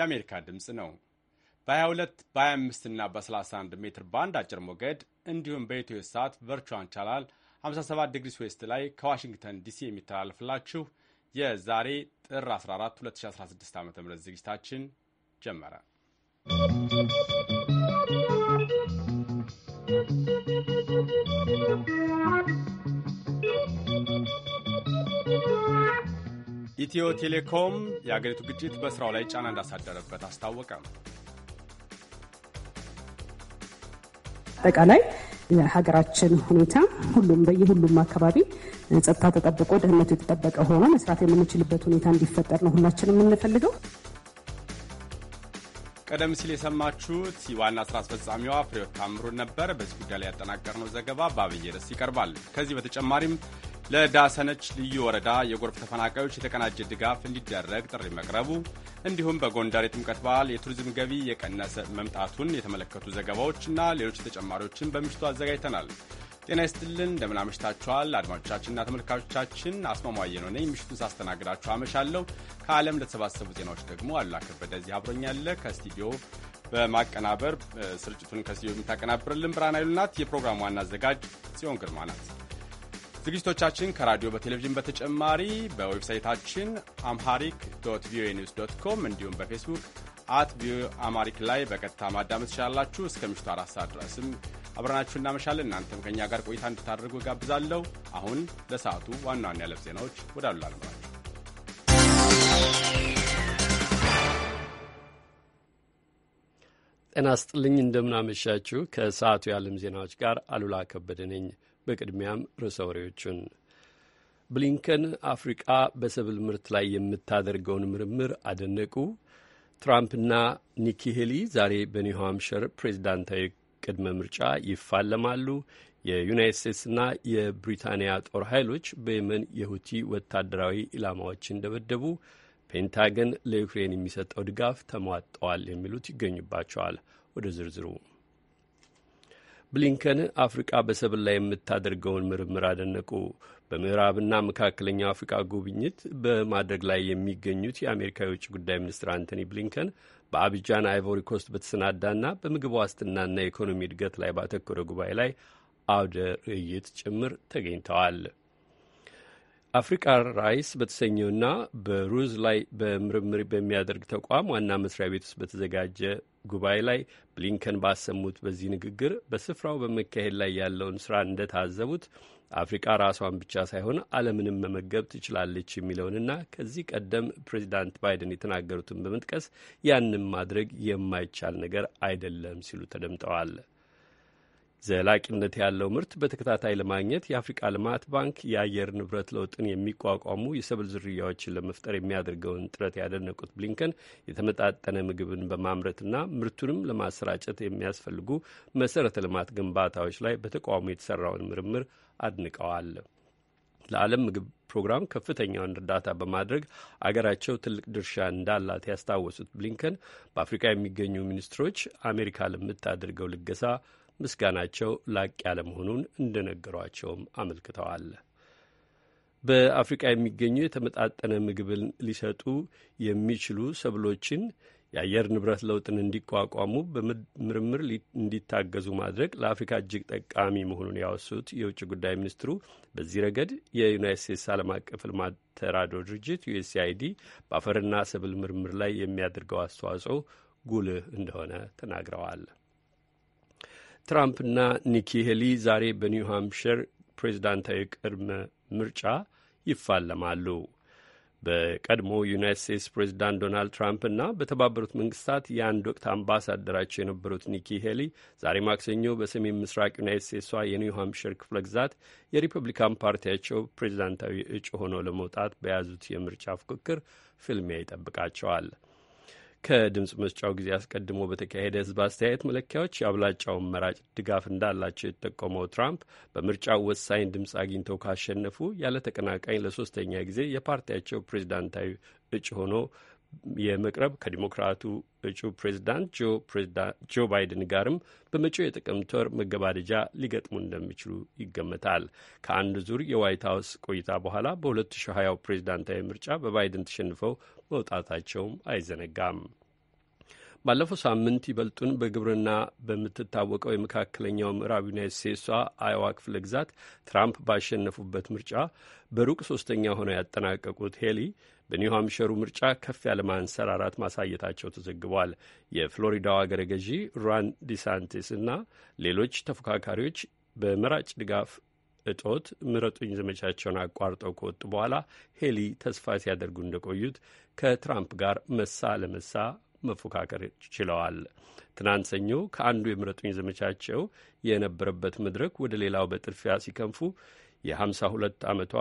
የአሜሪካ ድምፅ ነው። በ22 በ25 እና በ31 ሜትር ባንድ አጭር ሞገድ እንዲሁም በኢትዮ ሰዓት ቨርቹዋል ቻናል 57 ዲግሪ ስዌስት ላይ ከዋሽንግተን ዲሲ የሚተላለፍላችሁ የዛሬ ጥር 14 2016 ዓ ም ዝግጅታችን ጀመረ። ኢትዮ ቴሌኮም የአገሪቱ ግጭት በሥራው ላይ ጫና እንዳሳደረበት አስታወቀ። አጠቃላይ የሀገራችን ሁኔታ ሁሉም በየሁሉም አካባቢ ጸጥታ ተጠብቆ ደህንነቱ የተጠበቀ ሆኖ መስራት የምንችልበት ሁኔታ እንዲፈጠር ነው ሁላችን የምንፈልገው። ቀደም ሲል የሰማችሁት ዋና ስራ አስፈጻሚዋ ፍሬዎት ታምሩን ነበር። በዚህ ጉዳይ ላይ ያጠናቀርነው ዘገባ በአብይ ርዕስ ይቀርባል። ከዚህ በተጨማሪም ለዳሰነች ልዩ ወረዳ የጎርፍ ተፈናቃዮች የተቀናጀ ድጋፍ እንዲደረግ ጥሪ መቅረቡ እንዲሁም በጎንደር የጥምቀት በዓል የቱሪዝም ገቢ የቀነሰ መምጣቱን የተመለከቱ ዘገባዎችና ሌሎች ተጨማሪዎችን በምሽቱ አዘጋጅተናል። ጤና ይስጥልን፣ እንደምን አመሽታችኋል አድማጮቻችንና ተመልካቾቻችን። አስማማየ ነው ነኝ። ምሽቱን ሳስተናግዳችሁ አመሻለሁ። ከዓለም ለተሰባሰቡ ዜናዎች ደግሞ አሉላ ከበደ እዚህ አብሮኛለ ከስቱዲዮ በማቀናበር ስርጭቱን ከስቱዲዮ የምታቀናብርልን ብርሃን ኃይሉ ናት። የፕሮግራሙ ዋና አዘጋጅ ጽዮን ግርማ ናት። ዝግጅቶቻችን ከራዲዮ በቴሌቪዥን በተጨማሪ በዌብሳይታችን አምሃሪክ ዶት ቪኦኤ ኒውስ ዶት ኮም እንዲሁም በፌስቡክ አት ቪኦኤ አማሪክ ላይ በቀጥታ ማዳመጥ ትችላላችሁ። እስከ ምሽቱ አራት ሰዓት ድረስም አብረናችሁ እናመሻለን። እናንተም ከእኛ ጋር ቆይታ እንድታደርጉ ጋብዛለሁ። አሁን ለሰዓቱ ዋና ዋና ያለም ዜናዎች ወደ አሉላ ጤና ስጥልኝ፣ እንደምናመሻችሁ። ከሰዓቱ የዓለም ዜናዎች ጋር አሉላ ከበደ ነኝ። በቅድሚያም ርዕሰ ወሬዎቹን ብሊንከን አፍሪቃ በሰብል ምርት ላይ የምታደርገውን ምርምር አደነቁ። ትራምፕና ኒኪ ሄሊ ዛሬ በኒው ሃምፕሸር ፕሬዚዳንታዊ ቅድመ ምርጫ ይፋለማሉ። የዩናይት ስቴትስና የብሪታንያ ጦር ኃይሎች በየመን የሁቲ ወታደራዊ ኢላማዎች እንደበደቡ ፔንታገን ለዩክሬን የሚሰጠው ድጋፍ ተሟጠዋል። የሚሉት ይገኙባቸዋል። ወደ ዝርዝሩ ብሊንከን አፍሪቃ በሰብል ላይ የምታደርገውን ምርምር አደነቁ። በምዕራብና መካከለኛው አፍሪቃ ጉብኝት በማድረግ ላይ የሚገኙት የአሜሪካ የውጭ ጉዳይ ሚኒስትር አንቶኒ ብሊንከን በአብጃን አይቮሪ ኮስት በተሰናዳና በምግብ ዋስትናና የኢኮኖሚ እድገት ላይ ባተኮረ ጉባኤ ላይ አውደ ርዕይት ጭምር ተገኝተዋል። አፍሪካ ራይስ በተሰኘውና በሩዝ ላይ በምርምር በሚያደርግ ተቋም ዋና መስሪያ ቤት ውስጥ በተዘጋጀ ጉባኤ ላይ ብሊንከን ባሰሙት በዚህ ንግግር በስፍራው በመካሄድ ላይ ያለውን ስራ እንደታዘቡት አፍሪቃ ራሷን ብቻ ሳይሆን ዓለምንም መመገብ ትችላለች የሚለውንና ከዚህ ቀደም ፕሬዚዳንት ባይደን የተናገሩትን በመጥቀስ ያንም ማድረግ የማይቻል ነገር አይደለም ሲሉ ተደምጠዋል። ዘላቂነት ያለው ምርት በተከታታይ ለማግኘት የአፍሪካ ልማት ባንክ የአየር ንብረት ለውጥን የሚቋቋሙ የሰብል ዝርያዎችን ለመፍጠር የሚያደርገውን ጥረት ያደነቁት ብሊንከን የተመጣጠነ ምግብን በማምረትና ምርቱንም ለማሰራጨት የሚያስፈልጉ መሰረተ ልማት ግንባታዎች ላይ በተቋሙ የተሰራውን ምርምር አድንቀዋል። ለዓለም ምግብ ፕሮግራም ከፍተኛውን እርዳታ በማድረግ አገራቸው ትልቅ ድርሻ እንዳላት ያስታወሱት ብሊንከን በአፍሪካ የሚገኙ ሚኒስትሮች አሜሪካ ለምታደርገው ልገሳ ምስጋናቸው ላቅ ያለ መሆኑን እንደነገሯቸውም አመልክተዋል። በአፍሪቃ የሚገኙ የተመጣጠነ ምግብን ሊሰጡ የሚችሉ ሰብሎችን የአየር ንብረት ለውጥን እንዲቋቋሙ በምርምር እንዲታገዙ ማድረግ ለአፍሪካ እጅግ ጠቃሚ መሆኑን ያወሱት የውጭ ጉዳይ ሚኒስትሩ በዚህ ረገድ የዩናይት ስቴትስ ዓለም አቀፍ ልማት ተራድኦ ድርጅት ዩኤስአይዲ በአፈርና ሰብል ምርምር ላይ የሚያደርገው አስተዋጽኦ ጉልህ እንደሆነ ተናግረዋል። ትራምፕና ኒኪ ሄሊ ዛሬ በኒው ሃምፕሽር ፕሬዚዳንታዊ ቅድመ ምርጫ ይፋለማሉ። በቀድሞ ዩናይት ስቴትስ ፕሬዚዳንት ዶናልድ ትራምፕና በተባበሩት መንግስታት የአንድ ወቅት አምባሳደራቸው የነበሩት ኒኪ ሄሊ ዛሬ ማክሰኞ በሰሜን ምስራቅ ዩናይት ስቴትሷ የኒው ሃምፕሸር ክፍለ ግዛት የሪፐብሊካን ፓርቲያቸው ፕሬዚዳንታዊ እጩ ሆነው ለመውጣት በያዙት የምርጫ ፉክክር ፍልሚያ ይጠብቃቸዋል። ከድምፅ መስጫው ጊዜ አስቀድሞ በተካሄደ ህዝብ አስተያየት መለኪያዎች የአብላጫውን መራጭ ድጋፍ እንዳላቸው የተጠቆመው ትራምፕ በምርጫው ወሳኝ ድምፅ አግኝተው ካሸነፉ ያለ ተቀናቃኝ ለሶስተኛ ጊዜ የፓርቲያቸው ፕሬዚዳንታዊ እጩ ሆኖ የመቅረብ ከዲሞክራቱ እጩ ፕሬዚዳንት ጆ ባይደን ጋርም በመጪው የጥቅምት ወር መገባደጃ ሊገጥሙ እንደሚችሉ ይገመታል። ከአንድ ዙር የዋይት ሀውስ ቆይታ በኋላ በ2020 ፕሬዚዳንታዊ ምርጫ በባይደን ተሸንፈው መውጣታቸውም አይዘነጋም። ባለፈው ሳምንት ይበልጡን በግብርና በምትታወቀው የመካከለኛው ምዕራብ ዩናይት ስቴትሷ አይዋ ክፍለ ግዛት ትራምፕ ባሸነፉበት ምርጫ በሩቅ ሶስተኛ ሆነው ያጠናቀቁት ሄሊ በኒው ምርጫ ከፍ ያለ ማንሰራራት ማሳየታቸው ተዘግቧል። የፍሎሪዳው አገረ ገዢ ሩን ዲሳንቲስ እና ሌሎች ተፎካካሪዎች በመራጭ ድጋፍ እጦት ምረጡኝ ዘመቻቸውን አቋርጠው ከወጡ በኋላ ሄሊ ተስፋ ሲያደርጉ እንደቆዩት ከትራምፕ ጋር መሳ ለመሳ መፎካከር ችለዋል። ትናንት ሰኞ ከአንዱ የምረጡኝ ዘመቻቸው የነበረበት መድረክ ወደ ሌላው በጥድፊያ ሲከንፉ የ52 ዓመቷ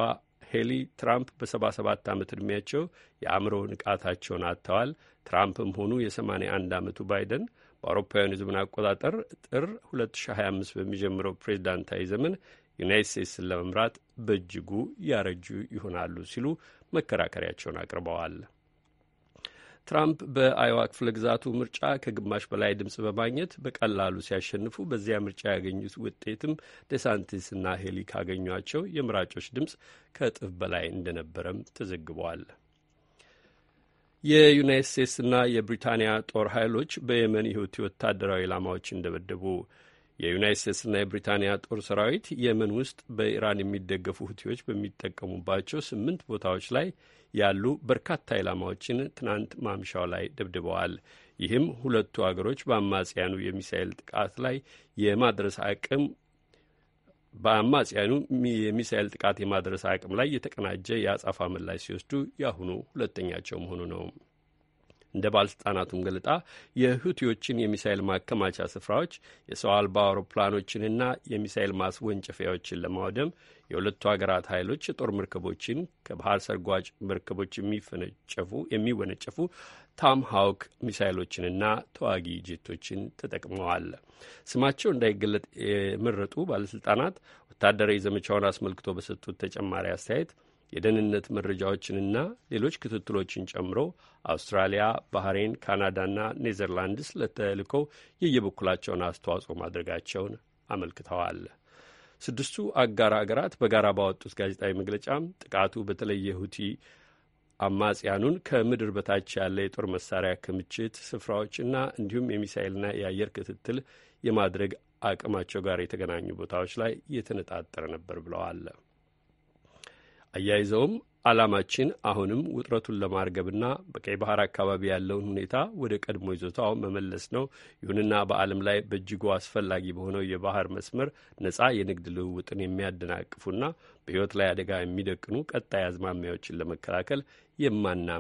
ሄሊ ትራምፕ በ77 ዓመት ዕድሜያቸው የአእምሮ ንቃታቸውን አጥተዋል። ትራምፕም ሆኑ የ81 ዓመቱ ባይደን በአውሮፓውያኑ የዘመን አቆጣጠር ጥር 2025 በሚጀምረው ፕሬዚዳንታዊ ዘመን ዩናይት ስቴትስን ለመምራት በእጅጉ ያረጁ ይሆናሉ ሲሉ መከራከሪያቸውን አቅርበዋል። ትራምፕ በአይዋ ክፍለ ግዛቱ ምርጫ ከግማሽ በላይ ድምፅ በማግኘት በቀላሉ ሲያሸንፉ በዚያ ምርጫ ያገኙት ውጤትም ና ሄሊ ካገኟቸው የምራጮች ድምፅ ከእጥፍ በላይ እንደነበረም ተዘግበዋል። የዩናይት ስቴትስና የብሪታንያ ጦር ኃይሎች በየመን የሁቲ ወታደራዊ ኢላማዎች እንደበደቡ የዩናይት ስቴትስና የብሪታንያ ጦር ሰራዊት የመን ውስጥ በኢራን የሚደገፉ ሁቲዎች በሚጠቀሙባቸው ስምንት ቦታዎች ላይ ያሉ በርካታ ኢላማዎችን ትናንት ማምሻው ላይ ደብድበዋል። ይህም ሁለቱ አገሮች በአማጽያኑ የሚሳይል ጥቃት ላይ የማድረስ አቅም በአማጽያኑ የሚሳኤል ጥቃት የማድረስ አቅም ላይ የተቀናጀ የአጻፋ ምላሽ ሲወስዱ የአሁኑ ሁለተኛቸው መሆኑ ነው። እንደ ባለስልጣናቱም ገለጣ የሁቲዎችን የሚሳይል ማከማቻ ስፍራዎች፣ የሰው አልባ አውሮፕላኖችንና የሚሳይል ማስወንጨፊያዎችን ለማውደም የሁለቱ ሀገራት ኃይሎች የጦር መርከቦችን ከባህር ሰርጓጅ መርከቦች የሚፈነጨፉ የሚወነጨፉ ታም ሀውክ ሚሳይሎችንና ተዋጊ ጄቶችን ተጠቅመዋል። ስማቸው እንዳይገለጥ የመረጡ ባለስልጣናት ወታደራዊ ዘመቻውን አስመልክቶ በሰጡት ተጨማሪ አስተያየት የደህንነት መረጃዎችንና ሌሎች ክትትሎችን ጨምሮ አውስትራሊያ፣ ባህሬን፣ ካናዳና ኔዘርላንድስ ለተልእኮው የየበኩላቸውን አስተዋጽኦ ማድረጋቸውን አመልክተዋል። ስድስቱ አጋር አገራት በጋራ ባወጡት ጋዜጣዊ መግለጫም ጥቃቱ በተለይ የሁቲ አማጽያኑን ከምድር በታች ያለ የጦር መሳሪያ ክምችት ስፍራዎችና እንዲሁም የሚሳይልና የአየር ክትትል የማድረግ አቅማቸው ጋር የተገናኙ ቦታዎች ላይ የተነጣጠረ ነበር ብለዋል። አያይዘውም ዓላማችን አሁንም ውጥረቱን ለማርገብና በቀይ ባህር አካባቢ ያለውን ሁኔታ ወደ ቀድሞ ይዞታው መመለስ ነው። ይሁንና በዓለም ላይ በእጅጉ አስፈላጊ በሆነው የባህር መስመር ነጻ የንግድ ልውውጥን የሚያደናቅፉና በሕይወት ላይ አደጋ የሚደቅኑ ቀጣይ አዝማሚያዎችን ለመከላከል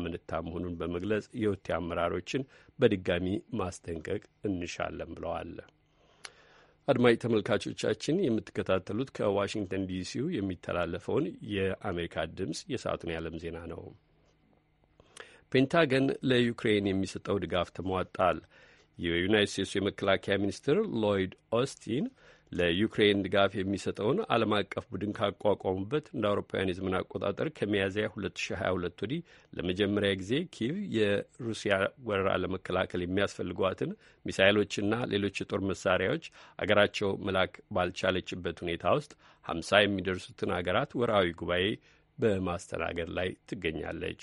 ምንታ መሆኑን በመግለጽ የውቴ አመራሮችን በድጋሚ ማስጠንቀቅ እንሻለን ብለዋል። አድማጭ ተመልካቾቻችን የምትከታተሉት ከዋሽንግተን ዲሲው የሚተላለፈውን የአሜሪካ ድምፅ የሰዓቱን የዓለም ዜና ነው። ፔንታገን ለዩክሬን የሚሰጠው ድጋፍ ተሟጣል። የዩናይት ስቴትሱ የመከላከያ ሚኒስትር ሎይድ ኦስቲን ለዩክሬን ድጋፍ የሚሰጠውን ዓለም አቀፍ ቡድን ካቋቋሙበት እንደ አውሮፓውያን የዘመን አቆጣጠር ከሚያዝያ 2022 ወዲህ ለመጀመሪያ ጊዜ ኪቭ የሩሲያ ወረራ ለመከላከል የሚያስፈልጓትን ሚሳይሎችና ሌሎች የጦር መሳሪያዎች አገራቸው መላክ ባልቻለችበት ሁኔታ ውስጥ 50 የሚደርሱትን አገራት ወርሃዊ ጉባኤ በማስተናገድ ላይ ትገኛለች።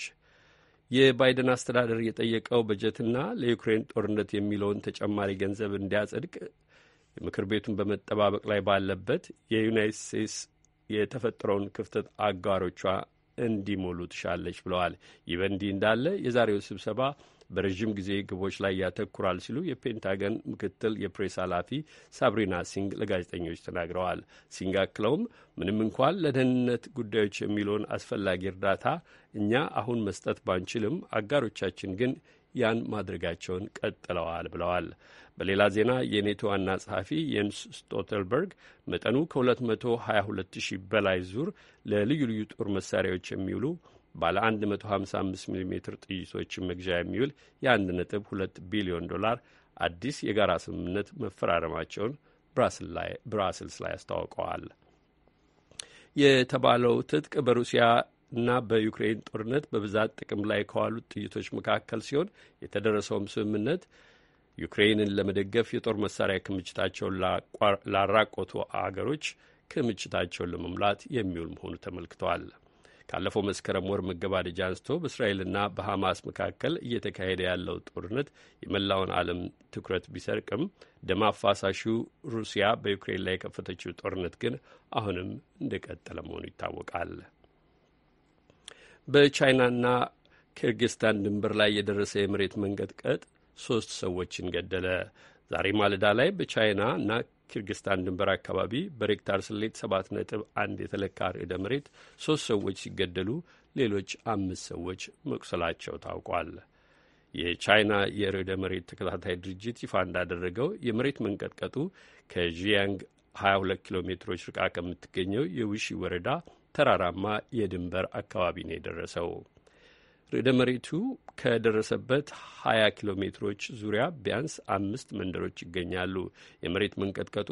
የባይደን አስተዳደር የጠየቀው በጀትና ለዩክሬን ጦርነት የሚለውን ተጨማሪ ገንዘብ እንዲያጸድቅ ምክር ቤቱን በመጠባበቅ ላይ ባለበት የዩናይት ስቴትስ የተፈጠረውን ክፍተት አጋሮቿ እንዲሞሉ ትሻለች ብለዋል። ይህ በእንዲህ እንዳለ የዛሬው ስብሰባ በረዥም ጊዜ ግቦች ላይ ያተኩራል ሲሉ የፔንታገን ምክትል የፕሬስ ኃላፊ ሳብሪና ሲንግ ለጋዜጠኞች ተናግረዋል። ሲንግ አክለውም ምንም እንኳን ለደህንነት ጉዳዮች የሚለውን አስፈላጊ እርዳታ እኛ አሁን መስጠት ባንችልም፣ አጋሮቻችን ግን ያን ማድረጋቸውን ቀጥለዋል ብለዋል። በሌላ ዜና የኔቶ ዋና ጸሐፊ የንስ ስቶተልበርግ መጠኑ ከ222 ሺህ በላይ ዙር ለልዩ ልዩ ጦር መሳሪያዎች የሚውሉ ባለ 155 ሚሜ ጥይቶችን መግዣ የሚውል የ1.2 ቢሊዮን ዶላር አዲስ የጋራ ስምምነት መፈራረማቸውን ብራስልስ ላይ አስታውቀዋል። የተባለው ትጥቅ በሩሲያ እና በዩክሬን ጦርነት በብዛት ጥቅም ላይ ከዋሉት ጥይቶች መካከል ሲሆን የተደረሰውም ስምምነት ዩክሬንን ለመደገፍ የጦር መሳሪያ ክምችታቸውን ላራቆቱ አገሮች ክምችታቸውን ለመሙላት የሚውል መሆኑ ተመልክተዋል። ካለፈው መስከረም ወር መገባደጃ አንስቶ በእስራኤልና በሐማስ መካከል እየተካሄደ ያለው ጦርነት የመላውን ዓለም ትኩረት ቢሰርቅም ደም አፋሳሹ ሩሲያ በዩክሬን ላይ የከፈተችው ጦርነት ግን አሁንም እንደቀጠለ መሆኑ ይታወቃል። በቻይናና ኪርጊስታን ድንበር ላይ የደረሰ የመሬት መንቀጥቀጥ ሶስት ሰዎችን ገደለ። ዛሬ ማለዳ ላይ በቻይና እና ኪርጊስታን ድንበር አካባቢ በሬክታር ስሌት ሰባት ነጥብ አንድ የተለካ ርዕደ መሬት ሶስት ሰዎች ሲገደሉ ሌሎች አምስት ሰዎች መቁሰላቸው ታውቋል። የቻይና የርዕደ መሬት ተከታታይ ድርጅት ይፋ እንዳደረገው የመሬት መንቀጥቀጡ ከዢያንግ 22 ኪሎ ሜትሮች ርቃ ከምትገኘው የውሺ ወረዳ ተራራማ የድንበር አካባቢ ነው የደረሰው። ርዕደ መሬቱ ከደረሰበት 20 ኪሎ ሜትሮች ዙሪያ ቢያንስ አምስት መንደሮች ይገኛሉ። የመሬት መንቀጥቀጡ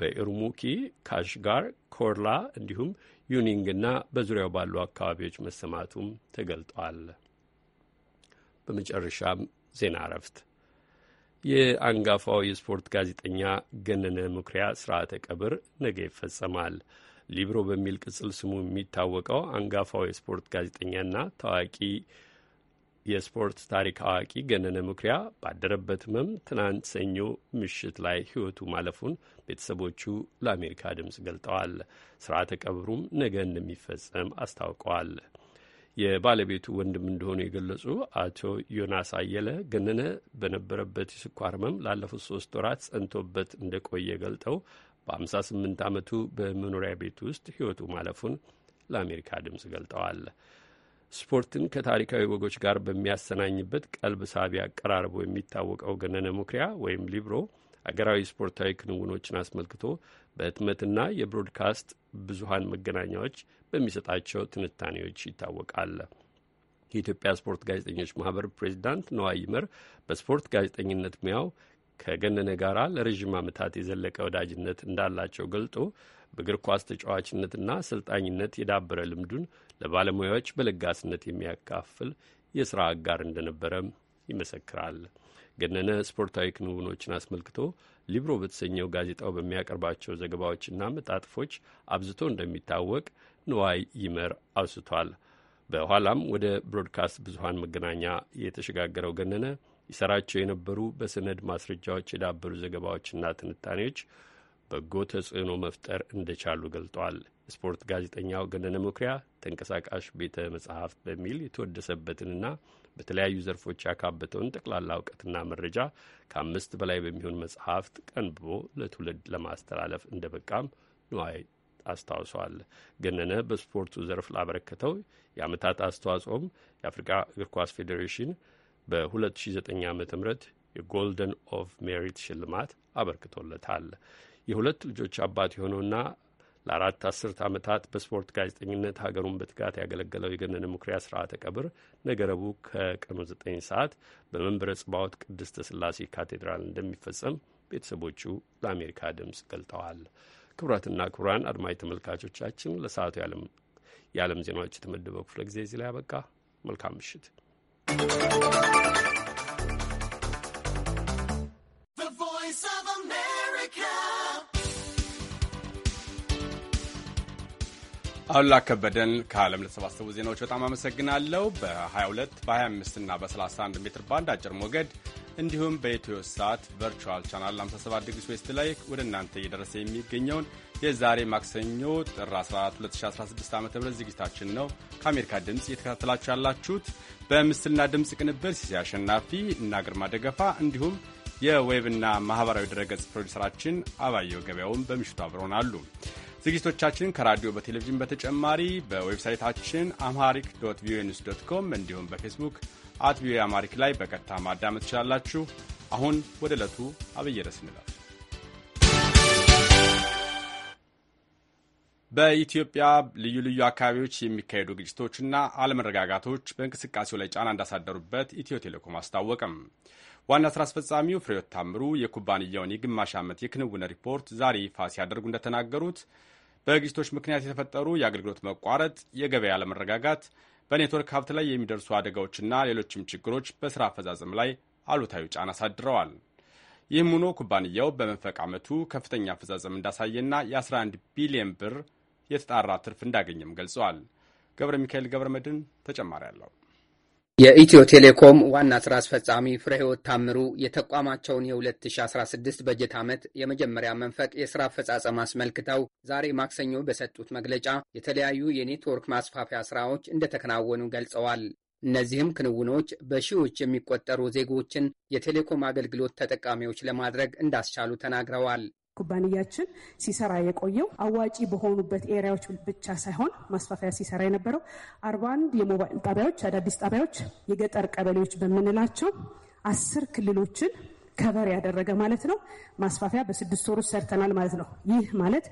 በኢርሙኪ፣ ካሽጋር፣ ኮርላ እንዲሁም ዩኒንግ እና በዙሪያው ባሉ አካባቢዎች መሰማቱም ተገልጧል። በመጨረሻም ዜና እረፍት የአንጋፋው የስፖርት ጋዜጠኛ ገነነ መኩሪያ ስርዓተ ቀብር ነገ ይፈጸማል። ሊብሮ በሚል ቅጽል ስሙ የሚታወቀው አንጋፋው የስፖርት ጋዜጠኛና ታዋቂ የስፖርት ታሪክ አዋቂ ገነነ ምኩሪያ ባደረበት ህመም ትናንት ሰኞ ምሽት ላይ ህይወቱ ማለፉን ቤተሰቦቹ ለአሜሪካ ድምፅ ገልጠዋል። ስርዓተ ቀብሩም ነገ እንደሚፈጸም አስታውቀዋል። የባለቤቱ ወንድም እንደሆኑ የገለጹ አቶ ዮናስ አየለ ገነነ በነበረበት የስኳር ህመም ላለፉት ሶስት ወራት ጸንቶበት እንደቆየ ገልጠው በ58 ዓመቱ በመኖሪያ ቤት ውስጥ ህይወቱ ማለፉን ለአሜሪካ ድምፅ ገልጠዋል። ስፖርትን ከታሪካዊ ወጎች ጋር በሚያሰናኝበት ቀልብ ሳቢ አቀራርቦ የሚታወቀው ገነነ ሙኩሪያ ወይም ሊብሮ አገራዊ ስፖርታዊ ክንውኖችን አስመልክቶ በህትመትና የብሮድካስት ብዙሀን መገናኛዎች በሚሰጣቸው ትንታኔዎች ይታወቃል። የኢትዮጵያ ስፖርት ጋዜጠኞች ማህበር ፕሬዚዳንት ነዋይ መር በስፖርት ጋዜጠኝነት ሙያው ከገነነ ጋራ ለረዥም ዓመታት የዘለቀ ወዳጅነት እንዳላቸው ገልጦ በእግር ኳስ ተጫዋችነትና አሰልጣኝነት የዳበረ ልምዱን ለባለሙያዎች በለጋስነት የሚያካፍል የሥራ አጋር እንደነበረም ይመሰክራል። ገነነ ስፖርታዊ ክንውኖችን አስመልክቶ ሊብሮ በተሰኘው ጋዜጣው በሚያቀርባቸው ዘገባዎችና መጣጥፎች አብዝቶ እንደሚታወቅ ንዋይ ይመር አውስቷል። በኋላም ወደ ብሮድካስት ብዙሀን መገናኛ የተሸጋገረው ገነነ ይሰራቸው የነበሩ በሰነድ ማስረጃዎች የዳበሩ ዘገባዎችና ትንታኔዎች በጎ ተጽዕኖ መፍጠር እንደቻሉ ገልጧል። ስፖርት ጋዜጠኛው ገነነ መኩሪያ ተንቀሳቃሽ ቤተ መጽሐፍት በሚል የተወደሰበትንና በተለያዩ ዘርፎች ያካበተውን ጠቅላላ እውቀትና መረጃ ከአምስት በላይ በሚሆን መጽሐፍት ቀንብቦ ለትውልድ ለማስተላለፍ እንደ በቃም ነዋይ አስታውሷል። ገነነ በስፖርቱ ዘርፍ ላበረከተው የአመታት አስተዋጽኦም የአፍሪካ እግር ኳስ ፌዴሬሽን በ2009 ም የጎልደን ኦፍ ሜሪት ሽልማት አበርክቶለታል። የሁለት ልጆች አባት የሆነውና ለአራት አስርት ዓመታት በስፖርት ጋዜጠኝነት ሀገሩን በትጋት ያገለገለው የገነነ መኩሪያ ስርዓተ ቀብር ነገ ረቡዕ ከቀኑ 9 ሰዓት በመንበረ ጽባወት ቅድስተ ስላሴ ካቴድራል እንደሚፈጸም ቤተሰቦቹ ለአሜሪካ ድምፅ ገልጠዋል። ክቡራትና ክቡራን አድማጭ ተመልካቾቻችን ለሰዓቱ የዓለም ዜናዎች የተመደበው ክፍለ ጊዜ እዚህ ላይ ያበቃ። መልካም ምሽት። አሉላ ከበደን ከዓለም ለተሰባሰቡ ዜናዎች በጣም አመሰግናለሁ። በ22 በ25 እና በ31 ሜትር ባንድ አጭር ሞገድ እንዲሁም በኢትዮ ሳት ቨርቹዋል ቻናል 57 ዲግሪ ዌስት ላይ ወደ እናንተ እየደረሰ የሚገኘውን የዛሬ ማክሰኞ ጥር 14 2016 ዓ ም ዝግጅታችን ነው ከአሜሪካ ድምፅ እየተከታተላችሁ ያላችሁት። በምስልና ድምፅ ቅንብር ሲሴ አሸናፊ እና ግርማ ደገፋ እንዲሁም የዌብና ማኅበራዊ ድረገጽ ፕሮዲሰራችን አባየው ገበያውን በምሽቱ አብረውን አሉ። ዝግጅቶቻችን ከራዲዮ በቴሌቪዥን በተጨማሪ በዌብሳይታችን አምሃሪክ ዶት ቪኦኤ ኒውስ ዶት ኮም እንዲሁም በፌስቡክ አት ቪኦኤ አማሪክ ላይ በቀጥታ ማዳመጥ ትችላላችሁ። አሁን ወደ ዕለቱ አብይ ርዕስ በኢትዮጵያ ልዩ ልዩ አካባቢዎች የሚካሄዱ ግጭቶችና አለመረጋጋቶች በእንቅስቃሴው ላይ ጫና እንዳሳደሩበት ኢትዮ ቴሌኮም አስታወቀም። ዋና ስራ አስፈጻሚው ፍሬዮት ታምሩ የኩባንያውን የግማሽ ዓመት የክንውነ ሪፖርት ዛሬ ይፋ ሲያደርጉ እንደተናገሩት በግጭቶች ምክንያት የተፈጠሩ የአገልግሎት መቋረጥ፣ የገበያ አለመረጋጋት፣ በኔትወርክ ሀብት ላይ የሚደርሱ አደጋዎችና ሌሎችም ችግሮች በስራ አፈጻጸም ላይ አሉታዊ ጫና አሳድረዋል። ይህም ሆኖ ኩባንያው በመንፈቅ ዓመቱ ከፍተኛ አፈጻጸም እንዳሳየና የ11 ቢሊዮን ብር የተጣራ ትርፍ እንዳገኘም ገልጸዋል። ገብረ ሚካኤል ገብረ መድን ተጨማሪ አለው። የኢትዮ ቴሌኮም ዋና ስራ አስፈጻሚ ፍሬህይወት ታምሩ የተቋማቸውን የ2016 በጀት ዓመት የመጀመሪያ መንፈቅ የስራ አፈጻጸም አስመልክተው ዛሬ ማክሰኞ በሰጡት መግለጫ የተለያዩ የኔትወርክ ማስፋፊያ ስራዎች እንደተከናወኑ ገልጸዋል። እነዚህም ክንውኖች በሺዎች የሚቆጠሩ ዜጎችን የቴሌኮም አገልግሎት ተጠቃሚዎች ለማድረግ እንዳስቻሉ ተናግረዋል። ኩባንያችን ሲሰራ የቆየው አዋጪ በሆኑበት ኤሪያዎች ብቻ ሳይሆን ማስፋፊያ ሲሰራ የነበረው አርባ አንድ የሞባይል ጣቢያዎች፣ አዳዲስ ጣቢያዎች፣ የገጠር ቀበሌዎች በምንላቸው አስር ክልሎችን ከበር ያደረገ ማለት ነው። ማስፋፊያ በስድስት ወር ውስጥ ሰርተናል ማለት ነው። ይህ ማለት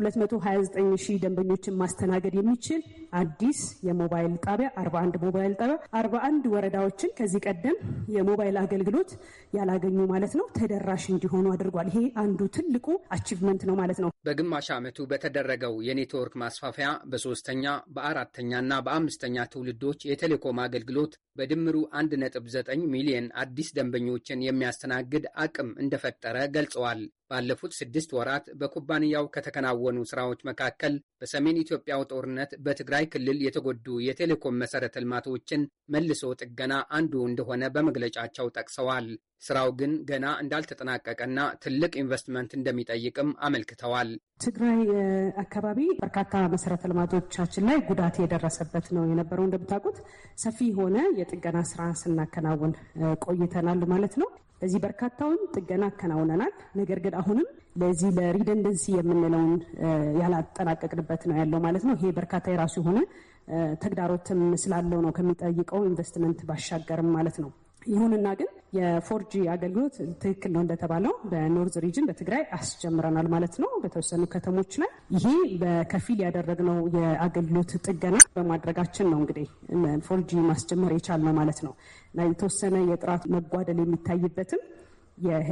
229 ሺህ ደንበኞችን ማስተናገድ የሚችል አዲስ የሞባይል ጣቢያ 41 ሞባይል ጣቢያ 41 ወረዳዎችን ከዚህ ቀደም የሞባይል አገልግሎት ያላገኙ ማለት ነው ተደራሽ እንዲሆኑ አድርጓል። ይሄ አንዱ ትልቁ አቺቭመንት ነው ማለት ነው። በግማሽ ዓመቱ በተደረገው የኔትወርክ ማስፋፊያ በሶስተኛ በአራተኛ በአምስተኛ ትውልዶች የቴሌኮም አገልግሎት በድምሩ 1.9 ሚሊዮን አዲስ ደንበኞችን የሚያስተናግድ አቅም እንደፈጠረ ገልጸዋል። ባለፉት ስድስት ወራት በኩባንያው ከተከናወኑ ስራዎች መካከል በሰሜን ኢትዮጵያው ጦርነት በትግራይ ክልል የተጎዱ የቴሌኮም መሰረተ ልማቶችን መልሶ ጥገና አንዱ እንደሆነ በመግለጫቸው ጠቅሰዋል። ስራው ግን ገና እንዳልተጠናቀቀና ትልቅ ኢንቨስትመንት እንደሚጠይቅም አመልክተዋል። ትግራይ አካባቢ በርካታ መሰረተ ልማቶቻችን ላይ ጉዳት የደረሰበት ነው የነበረው። እንደምታውቁት ሰፊ የሆነ የጥገና ስራ ስናከናውን ቆይተናል ማለት ነው። እዚህ በርካታውን ጥገና አከናውነናል። ነገር ግን አሁንም ለዚህ ለሪደንደንሲ የምንለውን ያላጠናቀቅንበት ነው ያለው ማለት ነው። ይሄ በርካታ የራሱ የሆነ ተግዳሮትም ስላለው ነው ከሚጠይቀው ኢንቨስትመንት ባሻገርም ማለት ነው። ይሁንና ግን የፎርጂ አገልግሎት ትክክል ነው እንደተባለው በኖርዝ ሪጅን በትግራይ አስጀምረናል ማለት ነው። በተወሰኑ ከተሞች ላይ ይሄ በከፊል ያደረግነው የአገልግሎት ጥገና በማድረጋችን ነው እንግዲህ ፎርጂ ማስጀመር የቻልነው ማለት ነው። የተወሰነ የጥራት መጓደል የሚታይበትም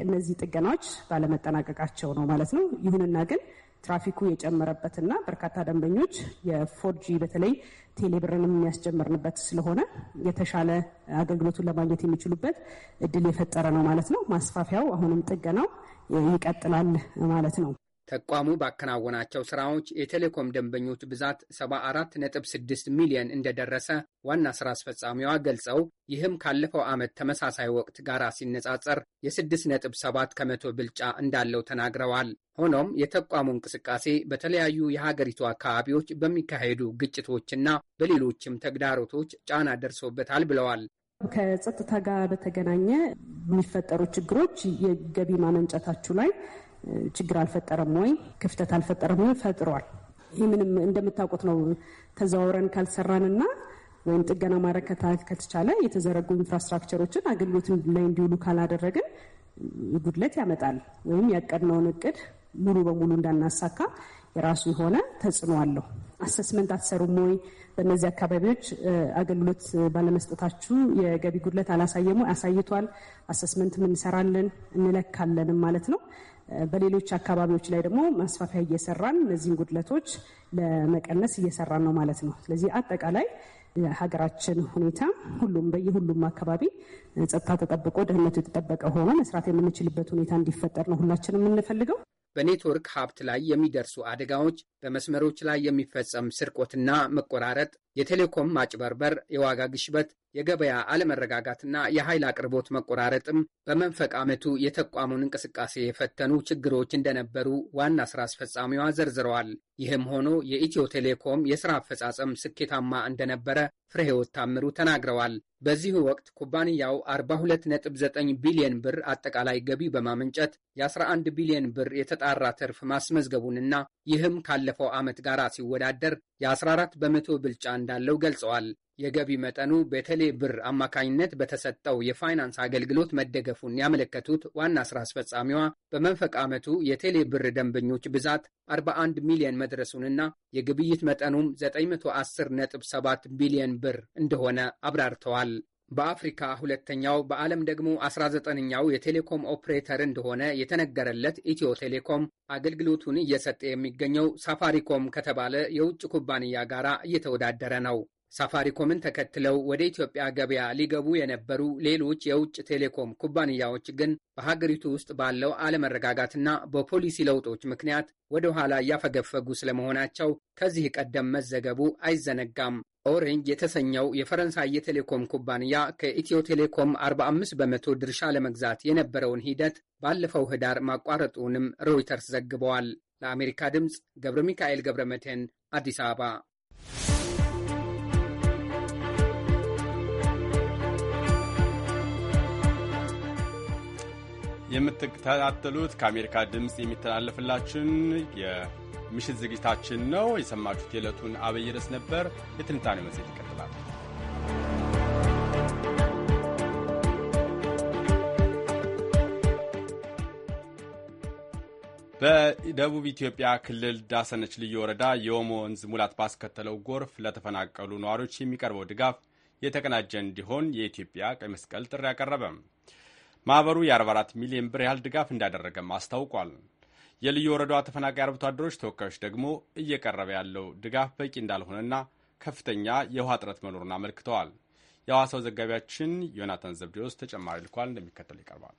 እነዚህ ጥገናዎች ባለመጠናቀቃቸው ነው ማለት ነው። ይሁንና ግን ትራፊኩ የጨመረበትና በርካታ ደንበኞች የፎርጂ በተለይ ቴሌብርን የሚያስጀምርንበት ስለሆነ የተሻለ አገልግሎቱን ለማግኘት የሚችሉበት እድል የፈጠረ ነው ማለት ነው። ማስፋፊያው አሁንም ጥገናው ይቀጥላል ማለት ነው። ተቋሙ ባከናወናቸው ስራዎች የቴሌኮም ደንበኞች ብዛት 74.6 ሚሊዮን እንደደረሰ ዋና ስራ አስፈጻሚዋ ገልጸው ይህም ካለፈው ዓመት ተመሳሳይ ወቅት ጋር ሲነጻጸር የ6.7 ከመቶ ብልጫ እንዳለው ተናግረዋል። ሆኖም የተቋሙ እንቅስቃሴ በተለያዩ የሀገሪቱ አካባቢዎች በሚካሄዱ ግጭቶችና በሌሎችም ተግዳሮቶች ጫና ደርሶበታል ብለዋል። ከጸጥታ ጋር በተገናኘ የሚፈጠሩ ችግሮች የገቢ ማመንጨታችሁ ላይ ችግር አልፈጠረም ወይ ክፍተት አልፈጠረም ወይ? ፈጥሯል። ይህ ምንም እንደምታውቁት ነው። ተዘዋውረን ካልሰራንና ወይም ጥገና ማድረግ ከተቻለ የተዘረጉ ኢንፍራስትራክቸሮችን አገልግሎት ላይ እንዲውሉ ካላደረግን ጉድለት ያመጣል ወይም ያቀድነውን እቅድ ሙሉ በሙሉ እንዳናሳካ የራሱ የሆነ ተጽዕኖ አለው። አሰስመንት አትሰሩም ወይ? በእነዚህ አካባቢዎች አገልግሎት ባለመስጠታችሁ የገቢ ጉድለት አላሳየም ወይ? አሳይቷል። አሰስመንት እንሰራለን እንለካለንም ማለት ነው። በሌሎች አካባቢዎች ላይ ደግሞ ማስፋፊያ እየሰራን እነዚህን ጉድለቶች ለመቀነስ እየሰራን ነው ማለት ነው። ስለዚህ አጠቃላይ ሀገራችን ሁኔታ ሁሉም በየሁሉም አካባቢ ጸጥታ ተጠብቆ ደህንነቱ የተጠበቀ ሆኖ መስራት የምንችልበት ሁኔታ እንዲፈጠር ነው ሁላችንም የምንፈልገው። በኔትወርክ ሀብት ላይ የሚደርሱ አደጋዎች፣ በመስመሮች ላይ የሚፈጸም ስርቆትና መቆራረጥ፣ የቴሌኮም ማጭበርበር፣ የዋጋ ግሽበት፣ የገበያ አለመረጋጋትና የኃይል አቅርቦት መቆራረጥም በመንፈቅ ዓመቱ የተቋሙን እንቅስቃሴ የፈተኑ ችግሮች እንደነበሩ ዋና ሥራ አስፈጻሚዋ ዘርዝረዋል። ይህም ሆኖ የኢትዮ ቴሌኮም የሥራ አፈጻጸም ስኬታማ እንደነበረ ፍሬሕይወት ታምሩ ተናግረዋል። በዚሁ ወቅት ኩባንያው 42.9 ቢሊዮን ብር አጠቃላይ ገቢ በማመንጨት የ11 ቢሊዮን ብር የተጣራ ትርፍ ማስመዝገቡንና ይህም ካለፈው ዓመት ጋር ሲወዳደር የ14 በመቶ ብልጫ እንዳለው ገልጸዋል። የገቢ መጠኑ በቴሌ ብር አማካኝነት በተሰጠው የፋይናንስ አገልግሎት መደገፉን ያመለከቱት ዋና ስራ አስፈጻሚዋ በመንፈቅ ዓመቱ የቴሌ ብር ደንበኞች ብዛት 41 ሚሊዮን መድረሱንና የግብይት መጠኑም 910.7 ቢሊዮን ብር እንደሆነ አብራርተዋል። በአፍሪካ ሁለተኛው በዓለም ደግሞ 19ኛው የቴሌኮም ኦፕሬተር እንደሆነ የተነገረለት ኢትዮ ቴሌኮም አገልግሎቱን እየሰጠ የሚገኘው ሳፋሪኮም ከተባለ የውጭ ኩባንያ ጋር እየተወዳደረ ነው። ሳፋሪኮምን ተከትለው ወደ ኢትዮጵያ ገበያ ሊገቡ የነበሩ ሌሎች የውጭ ቴሌኮም ኩባንያዎች ግን በሀገሪቱ ውስጥ ባለው አለመረጋጋትና በፖሊሲ ለውጦች ምክንያት ወደ ኋላ እያፈገፈጉ ስለመሆናቸው ከዚህ ቀደም መዘገቡ አይዘነጋም። ኦሬንጅ የተሰኘው የፈረንሳይ የቴሌኮም ኩባንያ ከኢትዮ ቴሌኮም 45 በመቶ ድርሻ ለመግዛት የነበረውን ሂደት ባለፈው ህዳር ማቋረጡንም ሮይተርስ ዘግበዋል። ለአሜሪካ ድምፅ ገብረ ሚካኤል ገብረ መድህን አዲስ አበባ የምትከታተሉት ከአሜሪካ ድምፅ የሚተላለፍላችን የምሽት ዝግጅታችን ነው። የሰማችሁት የዕለቱን አብይ ርዕስ ነበር። የትንታኔ መጽሔት ይቀጥላል። በደቡብ ኢትዮጵያ ክልል ዳሰነች ልዩ ወረዳ የኦሞ ወንዝ ሙላት ባስከተለው ጎርፍ ለተፈናቀሉ ነዋሪዎች የሚቀርበው ድጋፍ የተቀናጀ እንዲሆን የኢትዮጵያ ቀይ መስቀል ጥሪ አቀረበ። ማኅበሩ የ44 ሚሊዮን ብር ያህል ድጋፍ እንዳደረገም አስታውቋል። የልዩ ወረዳዋ ተፈናቃይ አርብቶ አደሮች ተወካዮች ደግሞ እየቀረበ ያለው ድጋፍ በቂ እንዳልሆነና ከፍተኛ የውሃ እጥረት መኖሩን አመልክተዋል። የሐዋሳው ዘጋቢያችን ዮናታን ዘብዴዎስ ተጨማሪ ልኳል፣ እንደሚከተል ይቀርባል።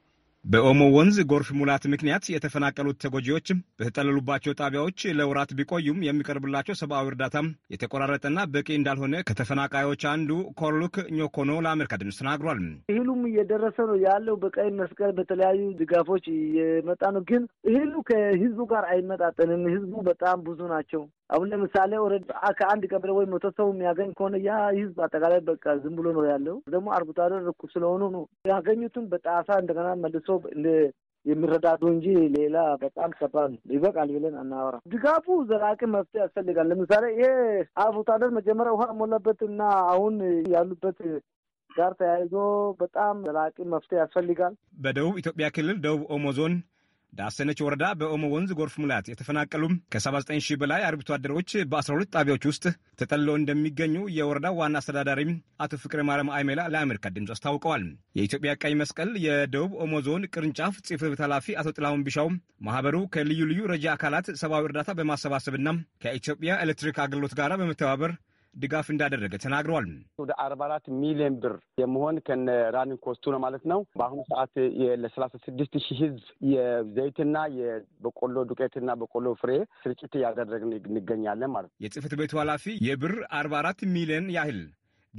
በኦሞ ወንዝ ጎርፍ ሙላት ምክንያት የተፈናቀሉት ተጎጂዎች በተጠለሉባቸው ጣቢያዎች ለውራት ቢቆዩም የሚቀርብላቸው ሰብአዊ እርዳታ የተቆራረጠና በቂ እንዳልሆነ ከተፈናቃዮች አንዱ ኮርሉክ ኞኮኖ ለአሜሪካ ድምፅ ተናግሯል። እህሉም እየደረሰ ነው ያለው። በቀይ መስቀል በተለያዩ ድጋፎች እየመጣ ነው። ግን እህሉ ከህዝቡ ጋር አይመጣጠንም። ህዝቡ በጣም ብዙ ናቸው። አሁን ለምሳሌ ወረድ ከአንድ ቀበሌ ወይ መቶ ሰው የሚያገኝ ከሆነ ያ ህዝብ አጠቃላይ በቃ ዝም ብሎ ነው ያለው። ደግሞ አርብቶ አደር ስለሆኑ ነው ያገኙትም በጣሳ እንደገና መልሶ ሰው የሚረዳዱ እንጂ ሌላ በጣም ከባድ ይበቃል ብለን አናወራ። ድጋፉ ዘላቂ መፍትሄ ያስፈልጋል። ለምሳሌ ይሄ አቡታደር መጀመሪያ ውሃ ሞላበት እና አሁን ያሉበት ጋር ተያይዞ በጣም ዘላቂ መፍትሄ ያስፈልጋል። በደቡብ ኢትዮጵያ ክልል ደቡብ ኦሞ ዞን ዳሰነች ወረዳ በኦሞ ወንዝ ጎርፍ ሙላት የተፈናቀሉ ከ79 ሺህ በላይ አርብቶ አደሮች በ12 ጣቢያዎች ውስጥ ተጠልለው እንደሚገኙ የወረዳው ዋና አስተዳዳሪ አቶ ፍቅረ ማርያም አይሜላ ለአሜሪካ ድምፅ አስታውቀዋል። የኢትዮጵያ ቀይ መስቀል የደቡብ ኦሞ ዞን ቅርንጫፍ ጽሕፈት ቤት ኃላፊ አቶ ጥላሁን ቢሻው ማህበሩ ከልዩ ልዩ ረጂ አካላት ሰብአዊ እርዳታ በማሰባሰብና ከኢትዮጵያ ኤሌክትሪክ አገልግሎት ጋር በመተባበር ድጋፍ እንዳደረገ ተናግረዋል። ወደ አርባ አራት ሚሊዮን ብር የመሆን ከነ ራኒንግ ኮስቱ ነው ማለት ነው። በአሁኑ ሰዓት ለሰላሳ ስድስት ሺህ ህዝብ የዘይትና የበቆሎ ዱቄትና በቆሎ ፍሬ ስርጭት እያደረግን እንገኛለን ማለት ነው። የጽህፈት ቤቱ ኃላፊ የብር አርባ አራት ሚሊዮን ያህል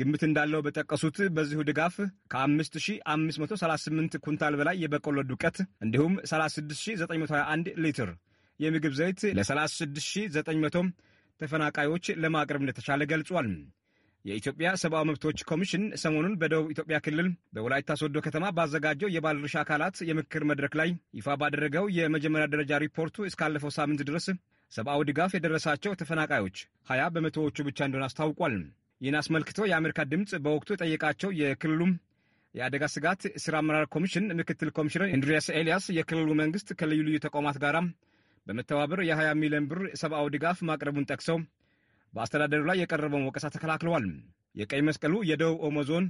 ግምት እንዳለው በጠቀሱት በዚሁ ድጋፍ ከ5538 ኩንታል በላይ የበቆሎ ዱቄት እንዲሁም 36921 ሊትር የምግብ ዘይት ለ36900 ተፈናቃዮች ለማቅረብ እንደተቻለ ገልጿል። የኢትዮጵያ ሰብአዊ መብቶች ኮሚሽን ሰሞኑን በደቡብ ኢትዮጵያ ክልል በወላይታ ሶዶ ከተማ ባዘጋጀው የባለድርሻ አካላት የምክክር መድረክ ላይ ይፋ ባደረገው የመጀመሪያ ደረጃ ሪፖርቱ እስካለፈው ሳምንት ድረስ ሰብአዊ ድጋፍ የደረሳቸው ተፈናቃዮች ሀያ በመቶዎቹ ብቻ እንደሆነ አስታውቋል። ይህን አስመልክቶ የአሜሪካ ድምፅ በወቅቱ የጠየቃቸው የክልሉም የአደጋ ስጋት ስራ አመራር ኮሚሽን ምክትል ኮሚሽነር ኢንድሪያስ ኤልያስ የክልሉ መንግስት ከልዩ ልዩ ተቋማት ጋር በመተባበር የ20 ሚሊዮን ብር ሰብአዊ ድጋፍ ማቅረቡን ጠቅሰው በአስተዳደሩ ላይ የቀረበውን ወቀሳ ተከላክለዋል። የቀይ መስቀሉ የደቡብ ኦሞ ዞን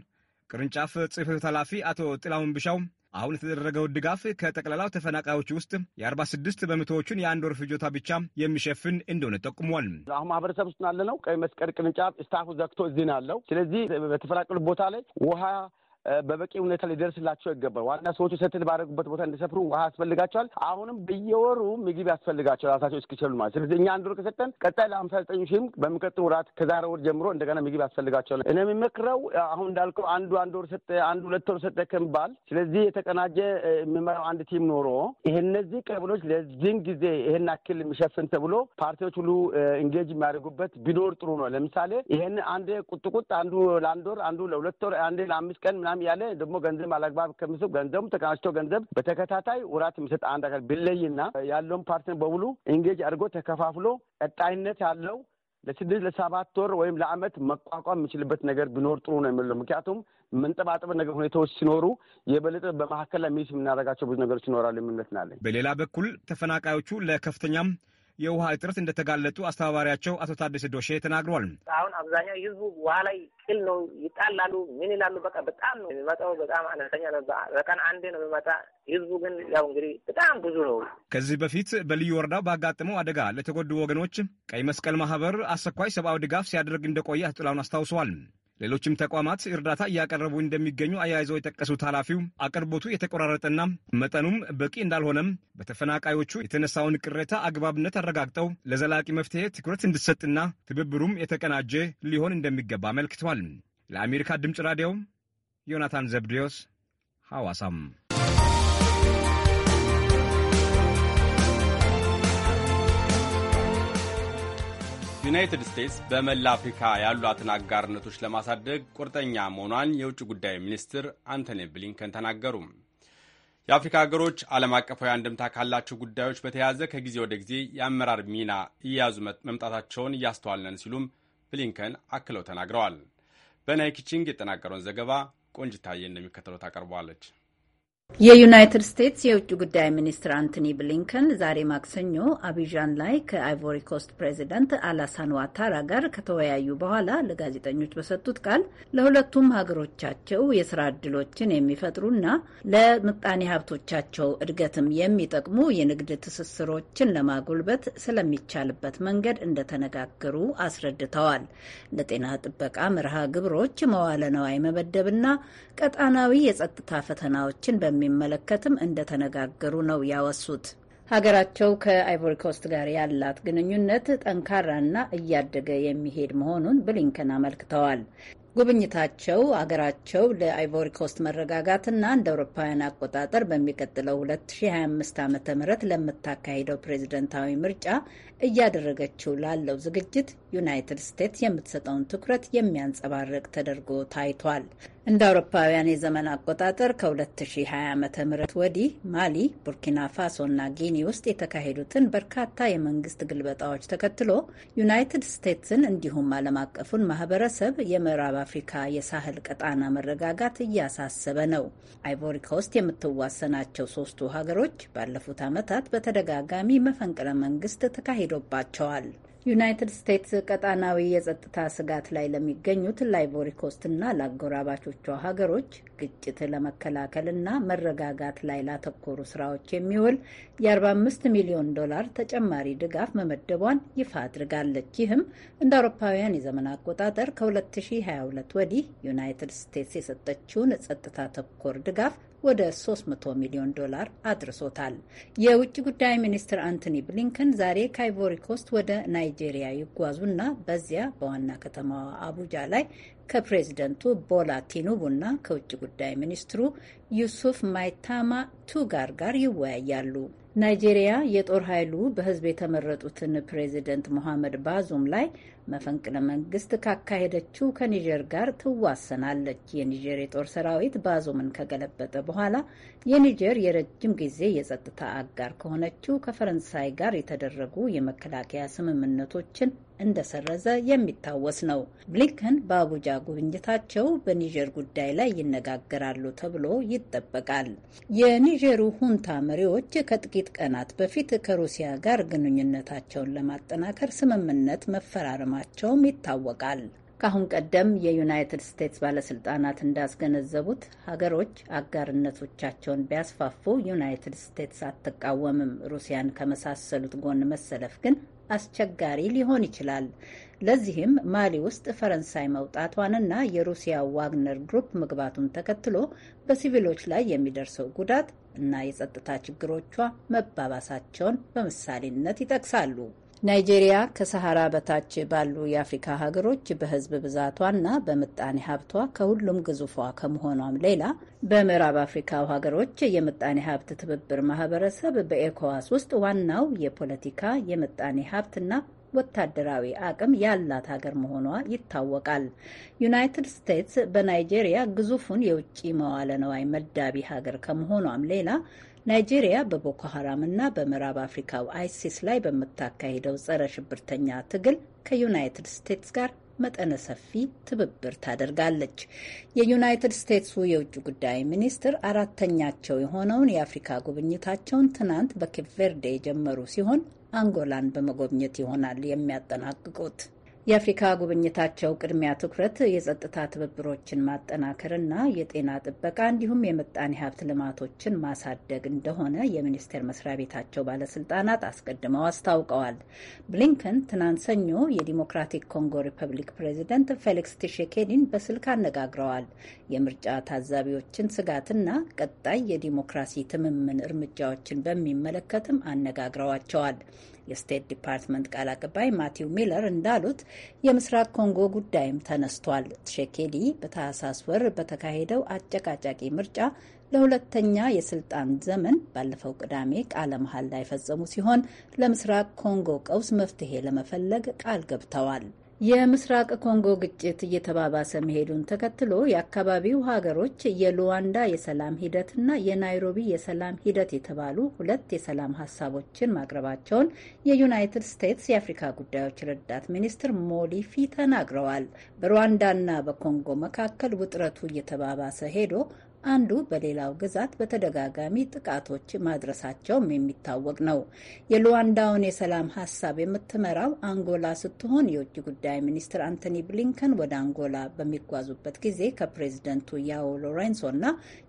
ቅርንጫፍ ጽሕፈት ኃላፊ አቶ ጥላሁን ብሻው አሁን የተደረገው ድጋፍ ከጠቅላላው ተፈናቃዮች ውስጥ የ46 በመቶዎቹን የአንድ ወር ፍጆታ ብቻ የሚሸፍን እንደሆነ ጠቁሟል። አሁን ማህበረሰብ ውስጥ ያለ ነው። ቀይ መስቀል ቅርንጫፍ ስታፉ ዘግቶ እዚህ ነው ያለው። ስለዚህ በተፈናቀሉ ቦታ ላይ ውሃ በበቂ ሁኔታ ሊደርስላቸው ይገባል። ዋና ሰዎቹ ሰትል ባደረጉበት ቦታ እንዲሰፍሩ ውሃ ያስፈልጋቸዋል። አሁንም በየወሩ ምግብ ያስፈልጋቸዋል ራሳቸው እስኪችሉ ማለት። ስለዚህ እኛ አንድ ወር ከሰጠን ቀጣይ ለአምሳ ዘጠኝ ሺህም በሚቀጥለው ወራት ከዛሬ ወር ጀምሮ እንደገና ምግብ ያስፈልጋቸዋል። እኔ የሚመክረው አሁን እንዳልከው አንዱ አንድ ወር ሰጠ፣ አንድ ሁለት ወር ሰጠ ከሚባል ስለዚህ የተቀናጀ የሚመራው አንድ ቲም ኖሮ እነዚህ ቀበሌዎች ለዚህን ጊዜ ይህን አክል የሚሸፍን ተብሎ ፓርቲዎች ሁሉ ኢንጌጅ የሚያደርጉበት ቢኖር ጥሩ ነው። ለምሳሌ ይህን አንድ ቁጥቁጥ አንዱ ለአንድ ወር አንዱ ለሁለት ወር አንዴ ለአምስት ቀን ምናምን ያለ ደግሞ ገንዘብ አላግባብ ከምስብ ገንዘቡ ተቀናጭቶ ገንዘብ በተከታታይ ውራት የሚሰጥ አንድ አካል ቢለይና ያለውን ፓርትነር በሙሉ ኢንጌጅ አድርጎ ተከፋፍሎ ቀጣይነት ያለው ለስድስት ለሰባት ወር ወይም ለአመት መቋቋም የሚችልበት ነገር ቢኖር ጥሩ ነው የሚለው። ምክንያቱም መንጠባጠብ ነገር ሁኔታዎች ሲኖሩ የበለጠ በመካከል ላይ ሚስ የምናደርጋቸው ብዙ ነገሮች ይኖራሉ የሚል እምነት በሌላ በኩል ተፈናቃዮቹ ለከፍተኛም የውሃ እጥረት እንደተጋለጡ አስተባባሪያቸው አቶ ታደሰ ዶሼ ተናግሯል። አሁን አብዛኛው ህዝቡ ውሃ ላይ ቅል ነው፣ ይጣላሉ፣ ምን ይላሉ። በቃ በጣም ነው የሚመጣው፣ በጣም አነስተኛ ነው። በቀን አንዴ ነው የሚመጣ። ህዝቡ ግን ያው እንግዲህ በጣም ብዙ ነው። ከዚህ በፊት በልዩ ወረዳው ባጋጠመው አደጋ ለተጎዱ ወገኖች ቀይ መስቀል ማህበር አስቸኳይ ሰብአዊ ድጋፍ ሲያደርግ እንደቆየ አቶ ጥላሁን አስታውሰዋል። ሌሎችም ተቋማት እርዳታ እያቀረቡ እንደሚገኙ አያይዘው የጠቀሱት ኃላፊው አቅርቦቱ የተቆራረጠና መጠኑም በቂ እንዳልሆነም በተፈናቃዮቹ የተነሳውን ቅሬታ አግባብነት አረጋግጠው ለዘላቂ መፍትሄ ትኩረት እንዲሰጥና ትብብሩም የተቀናጀ ሊሆን እንደሚገባ አመልክተዋል። ለአሜሪካ ድምፅ ራዲዮ ዮናታን ዘብዴዎስ ሐዋሳም ዩናይትድ ስቴትስ በመላ አፍሪካ ያሏትን አጋርነቶች ለማሳደግ ቁርጠኛ መሆኗን የውጭ ጉዳይ ሚኒስትር አንቶኒ ብሊንከን ተናገሩ። የአፍሪካ ሀገሮች ዓለም አቀፋዊ አንድምታ ካላቸው ጉዳዮች በተያያዘ ከጊዜ ወደ ጊዜ የአመራር ሚና እየያዙ መምጣታቸውን እያስተዋልነን ሲሉም ብሊንከን አክለው ተናግረዋል። በናይኪቺንግ የጠናቀረውን ዘገባ ቆንጅታዬ እንደሚከተለው ታቀርበዋለች። የዩናይትድ ስቴትስ የውጭ ጉዳይ ሚኒስትር አንቶኒ ብሊንከን ዛሬ ማክሰኞ አቢዣን ላይ ከአይቮሪ ኮስት ፕሬዚደንት አላሳን ዋታራ ጋር ከተወያዩ በኋላ ለጋዜጠኞች በሰጡት ቃል ለሁለቱም ሀገሮቻቸው የስራ እድሎችን የሚፈጥሩና ለምጣኔ ሀብቶቻቸው እድገትም የሚጠቅሙ የንግድ ትስስሮችን ለማጎልበት ስለሚቻልበት መንገድ እንደተነጋገሩ አስረድተዋል። ለጤና ጥበቃ መርሃ ግብሮች መዋለ ነዋይ መመደብና ቀጣናዊ የጸጥታ ፈተናዎችን በሚ እንደሚመለከትም እንደተነጋገሩ ነው ያወሱት። ሀገራቸው ከአይቮሪኮስት ጋር ያላት ግንኙነት ጠንካራና እያደገ የሚሄድ መሆኑን ብሊንከን አመልክተዋል። ጉብኝታቸው አገራቸው ለአይቮሪኮስት መረጋጋትና እንደ አውሮፓውያን አቆጣጠር በሚቀጥለው 2025 ዓ ም ለምታካሂደው ፕሬዝደንታዊ ምርጫ እያደረገችው ላለው ዝግጅት ዩናይትድ ስቴትስ የምትሰጠውን ትኩረት የሚያንጸባርቅ ተደርጎ ታይቷል። እንደ አውሮፓውያን የዘመን አቆጣጠር ከ2020 ዓ ም ወዲህ ማሊ፣ ቡርኪና ፋሶ እና ጊኒ ውስጥ የተካሄዱትን በርካታ የመንግስት ግልበጣዎች ተከትሎ ዩናይትድ ስቴትስን እንዲሁም ዓለም አቀፉን ማህበረሰብ የምዕራብ አፍሪካ የሳህል ቀጣና መረጋጋት እያሳሰበ ነው። አይቮሪካ ውስጥ የምትዋሰናቸው ሶስቱ ሀገሮች ባለፉት ዓመታት በተደጋጋሚ መፈንቅለ መንግስት ተካሂዶባቸዋል። ዩናይትድ ስቴትስ ቀጣናዊ የጸጥታ ስጋት ላይ ለሚገኙት ለአይቮሪ ኮስትና ለአጎራባቾቿ ሀገሮች ግጭት ለመከላከልና መረጋጋት ላይ ላተኮሩ ስራዎች የሚውል የ45 ሚሊዮን ዶላር ተጨማሪ ድጋፍ መመደቧን ይፋ አድርጋለች። ይህም እንደ አውሮፓውያን የዘመን አቆጣጠር ከ2022 ወዲህ ዩናይትድ ስቴትስ የሰጠችውን ጸጥታ ተኮር ድጋፍ ወደ 300 ሚሊዮን ዶላር አድርሶታል። የውጭ ጉዳይ ሚኒስትር አንቶኒ ብሊንከን ዛሬ ከአይቮሪ ኮስት ወደ ናይጄሪያ ይጓዙና በዚያ በዋና ከተማዋ አቡጃ ላይ ከፕሬዝደንቱ ቦላ ቲኑቡና ከውጭ ጉዳይ ሚኒስትሩ ዩሱፍ ማይታማ ቱጋር ጋር ይወያያሉ። ናይጄሪያ የጦር ኃይሉ በህዝብ የተመረጡትን ፕሬዝደንት ሞሐመድ ባዙም ላይ መፈንቅለ መንግስት ካካሄደችው ከኒጀር ጋር ትዋሰናለች። የኒጀር የጦር ሰራዊት ባዞምን ከገለበጠ በኋላ የኒጀር የረጅም ጊዜ የጸጥታ አጋር ከሆነችው ከፈረንሳይ ጋር የተደረጉ የመከላከያ ስምምነቶችን እንደሰረዘ የሚታወስ ነው። ብሊንከን በአቡጃ ጉብኝታቸው በኒጀር ጉዳይ ላይ ይነጋገራሉ ተብሎ ይጠበቃል። የኒጀሩ ሁንታ መሪዎች ከጥቂት ቀናት በፊት ከሩሲያ ጋር ግንኙነታቸውን ለማጠናከር ስምምነት መፈራረም መፈጸማቸውም ይታወቃል። ከአሁን ቀደም የዩናይትድ ስቴትስ ባለስልጣናት እንዳስገነዘቡት ሀገሮች አጋርነቶቻቸውን ቢያስፋፉ ዩናይትድ ስቴትስ አትቃወምም። ሩሲያን ከመሳሰሉት ጎን መሰለፍ ግን አስቸጋሪ ሊሆን ይችላል። ለዚህም ማሊ ውስጥ ፈረንሳይ መውጣቷንና የሩሲያ ዋግነር ግሩፕ መግባቱን ተከትሎ በሲቪሎች ላይ የሚደርሰው ጉዳት እና የጸጥታ ችግሮቿ መባባሳቸውን በምሳሌነት ይጠቅሳሉ። ናይጄሪያ ከሰሃራ በታች ባሉ የአፍሪካ ሀገሮች በህዝብ ብዛቷና በምጣኔ ሀብቷ ከሁሉም ግዙፏ ከመሆኗም ሌላ በምዕራብ አፍሪካው ሀገሮች የምጣኔ ሀብት ትብብር ማህበረሰብ በኤኮዋስ ውስጥ ዋናው የፖለቲካ የምጣኔ ሀብትና ወታደራዊ አቅም ያላት ሀገር መሆኗ ይታወቃል። ዩናይትድ ስቴትስ በናይጄሪያ ግዙፉን የውጭ መዋለ ነዋይ መዳቢ ሀገር ከመሆኗም ሌላ ናይጄሪያ በቦኮ ሀራም እና በምዕራብ አፍሪካው አይሲስ ላይ በምታካሂደው ጸረ ሽብርተኛ ትግል ከዩናይትድ ስቴትስ ጋር መጠነ ሰፊ ትብብር ታደርጋለች። የዩናይትድ ስቴትሱ የውጭ ጉዳይ ሚኒስትር አራተኛቸው የሆነውን የአፍሪካ ጉብኝታቸውን ትናንት በኬፕ ቬርዴ የጀመሩ ሲሆን አንጎላን በመጎብኘት ይሆናል የሚያጠናቅቁት። የአፍሪካ ጉብኝታቸው ቅድሚያ ትኩረት የጸጥታ ትብብሮችን ማጠናከርና የጤና ጥበቃ እንዲሁም የምጣኔ ሀብት ልማቶችን ማሳደግ እንደሆነ የሚኒስቴር መስሪያ ቤታቸው ባለስልጣናት አስቀድመው አስታውቀዋል። ብሊንከን ትናንት ሰኞ የዲሞክራቲክ ኮንጎ ሪፐብሊክ ፕሬዚደንት ፌሊክስ ቲሼኬዲን በስልክ አነጋግረዋል። የምርጫ ታዛቢዎችን ስጋትና ቀጣይ የዲሞክራሲ ትምምን እርምጃዎችን በሚመለከትም አነጋግረዋቸዋል። የስቴት ዲፓርትመንት ቃል አቀባይ ማቲው ሚለር እንዳሉት የምስራቅ ኮንጎ ጉዳይም ተነስቷል። ትሸኬዲ በታህሳስ ወር በተካሄደው አጨቃጫቂ ምርጫ ለሁለተኛ የስልጣን ዘመን ባለፈው ቅዳሜ ቃለ መሐላ የፈጸሙ ሲሆን ለምስራቅ ኮንጎ ቀውስ መፍትሄ ለመፈለግ ቃል ገብተዋል። የምስራቅ ኮንጎ ግጭት እየተባባሰ መሄዱን ተከትሎ የአካባቢው ሀገሮች የሉዋንዳ የሰላም ሂደትና የናይሮቢ የሰላም ሂደት የተባሉ ሁለት የሰላም ሀሳቦችን ማቅረባቸውን የዩናይትድ ስቴትስ የአፍሪካ ጉዳዮች ረዳት ሚኒስትር ሞሊፊ ተናግረዋል። በሩዋንዳና በኮንጎ መካከል ውጥረቱ እየተባባሰ ሄዶ አንዱ በሌላው ግዛት በተደጋጋሚ ጥቃቶች ማድረሳቸውም የሚታወቅ ነው። የሉዋንዳውን የሰላም ሀሳብ የምትመራው አንጎላ ስትሆን የውጭ ጉዳይ ሚኒስትር አንቶኒ ብሊንከን ወደ አንጎላ በሚጓዙበት ጊዜ ከፕሬዝደንቱ ያዎ እና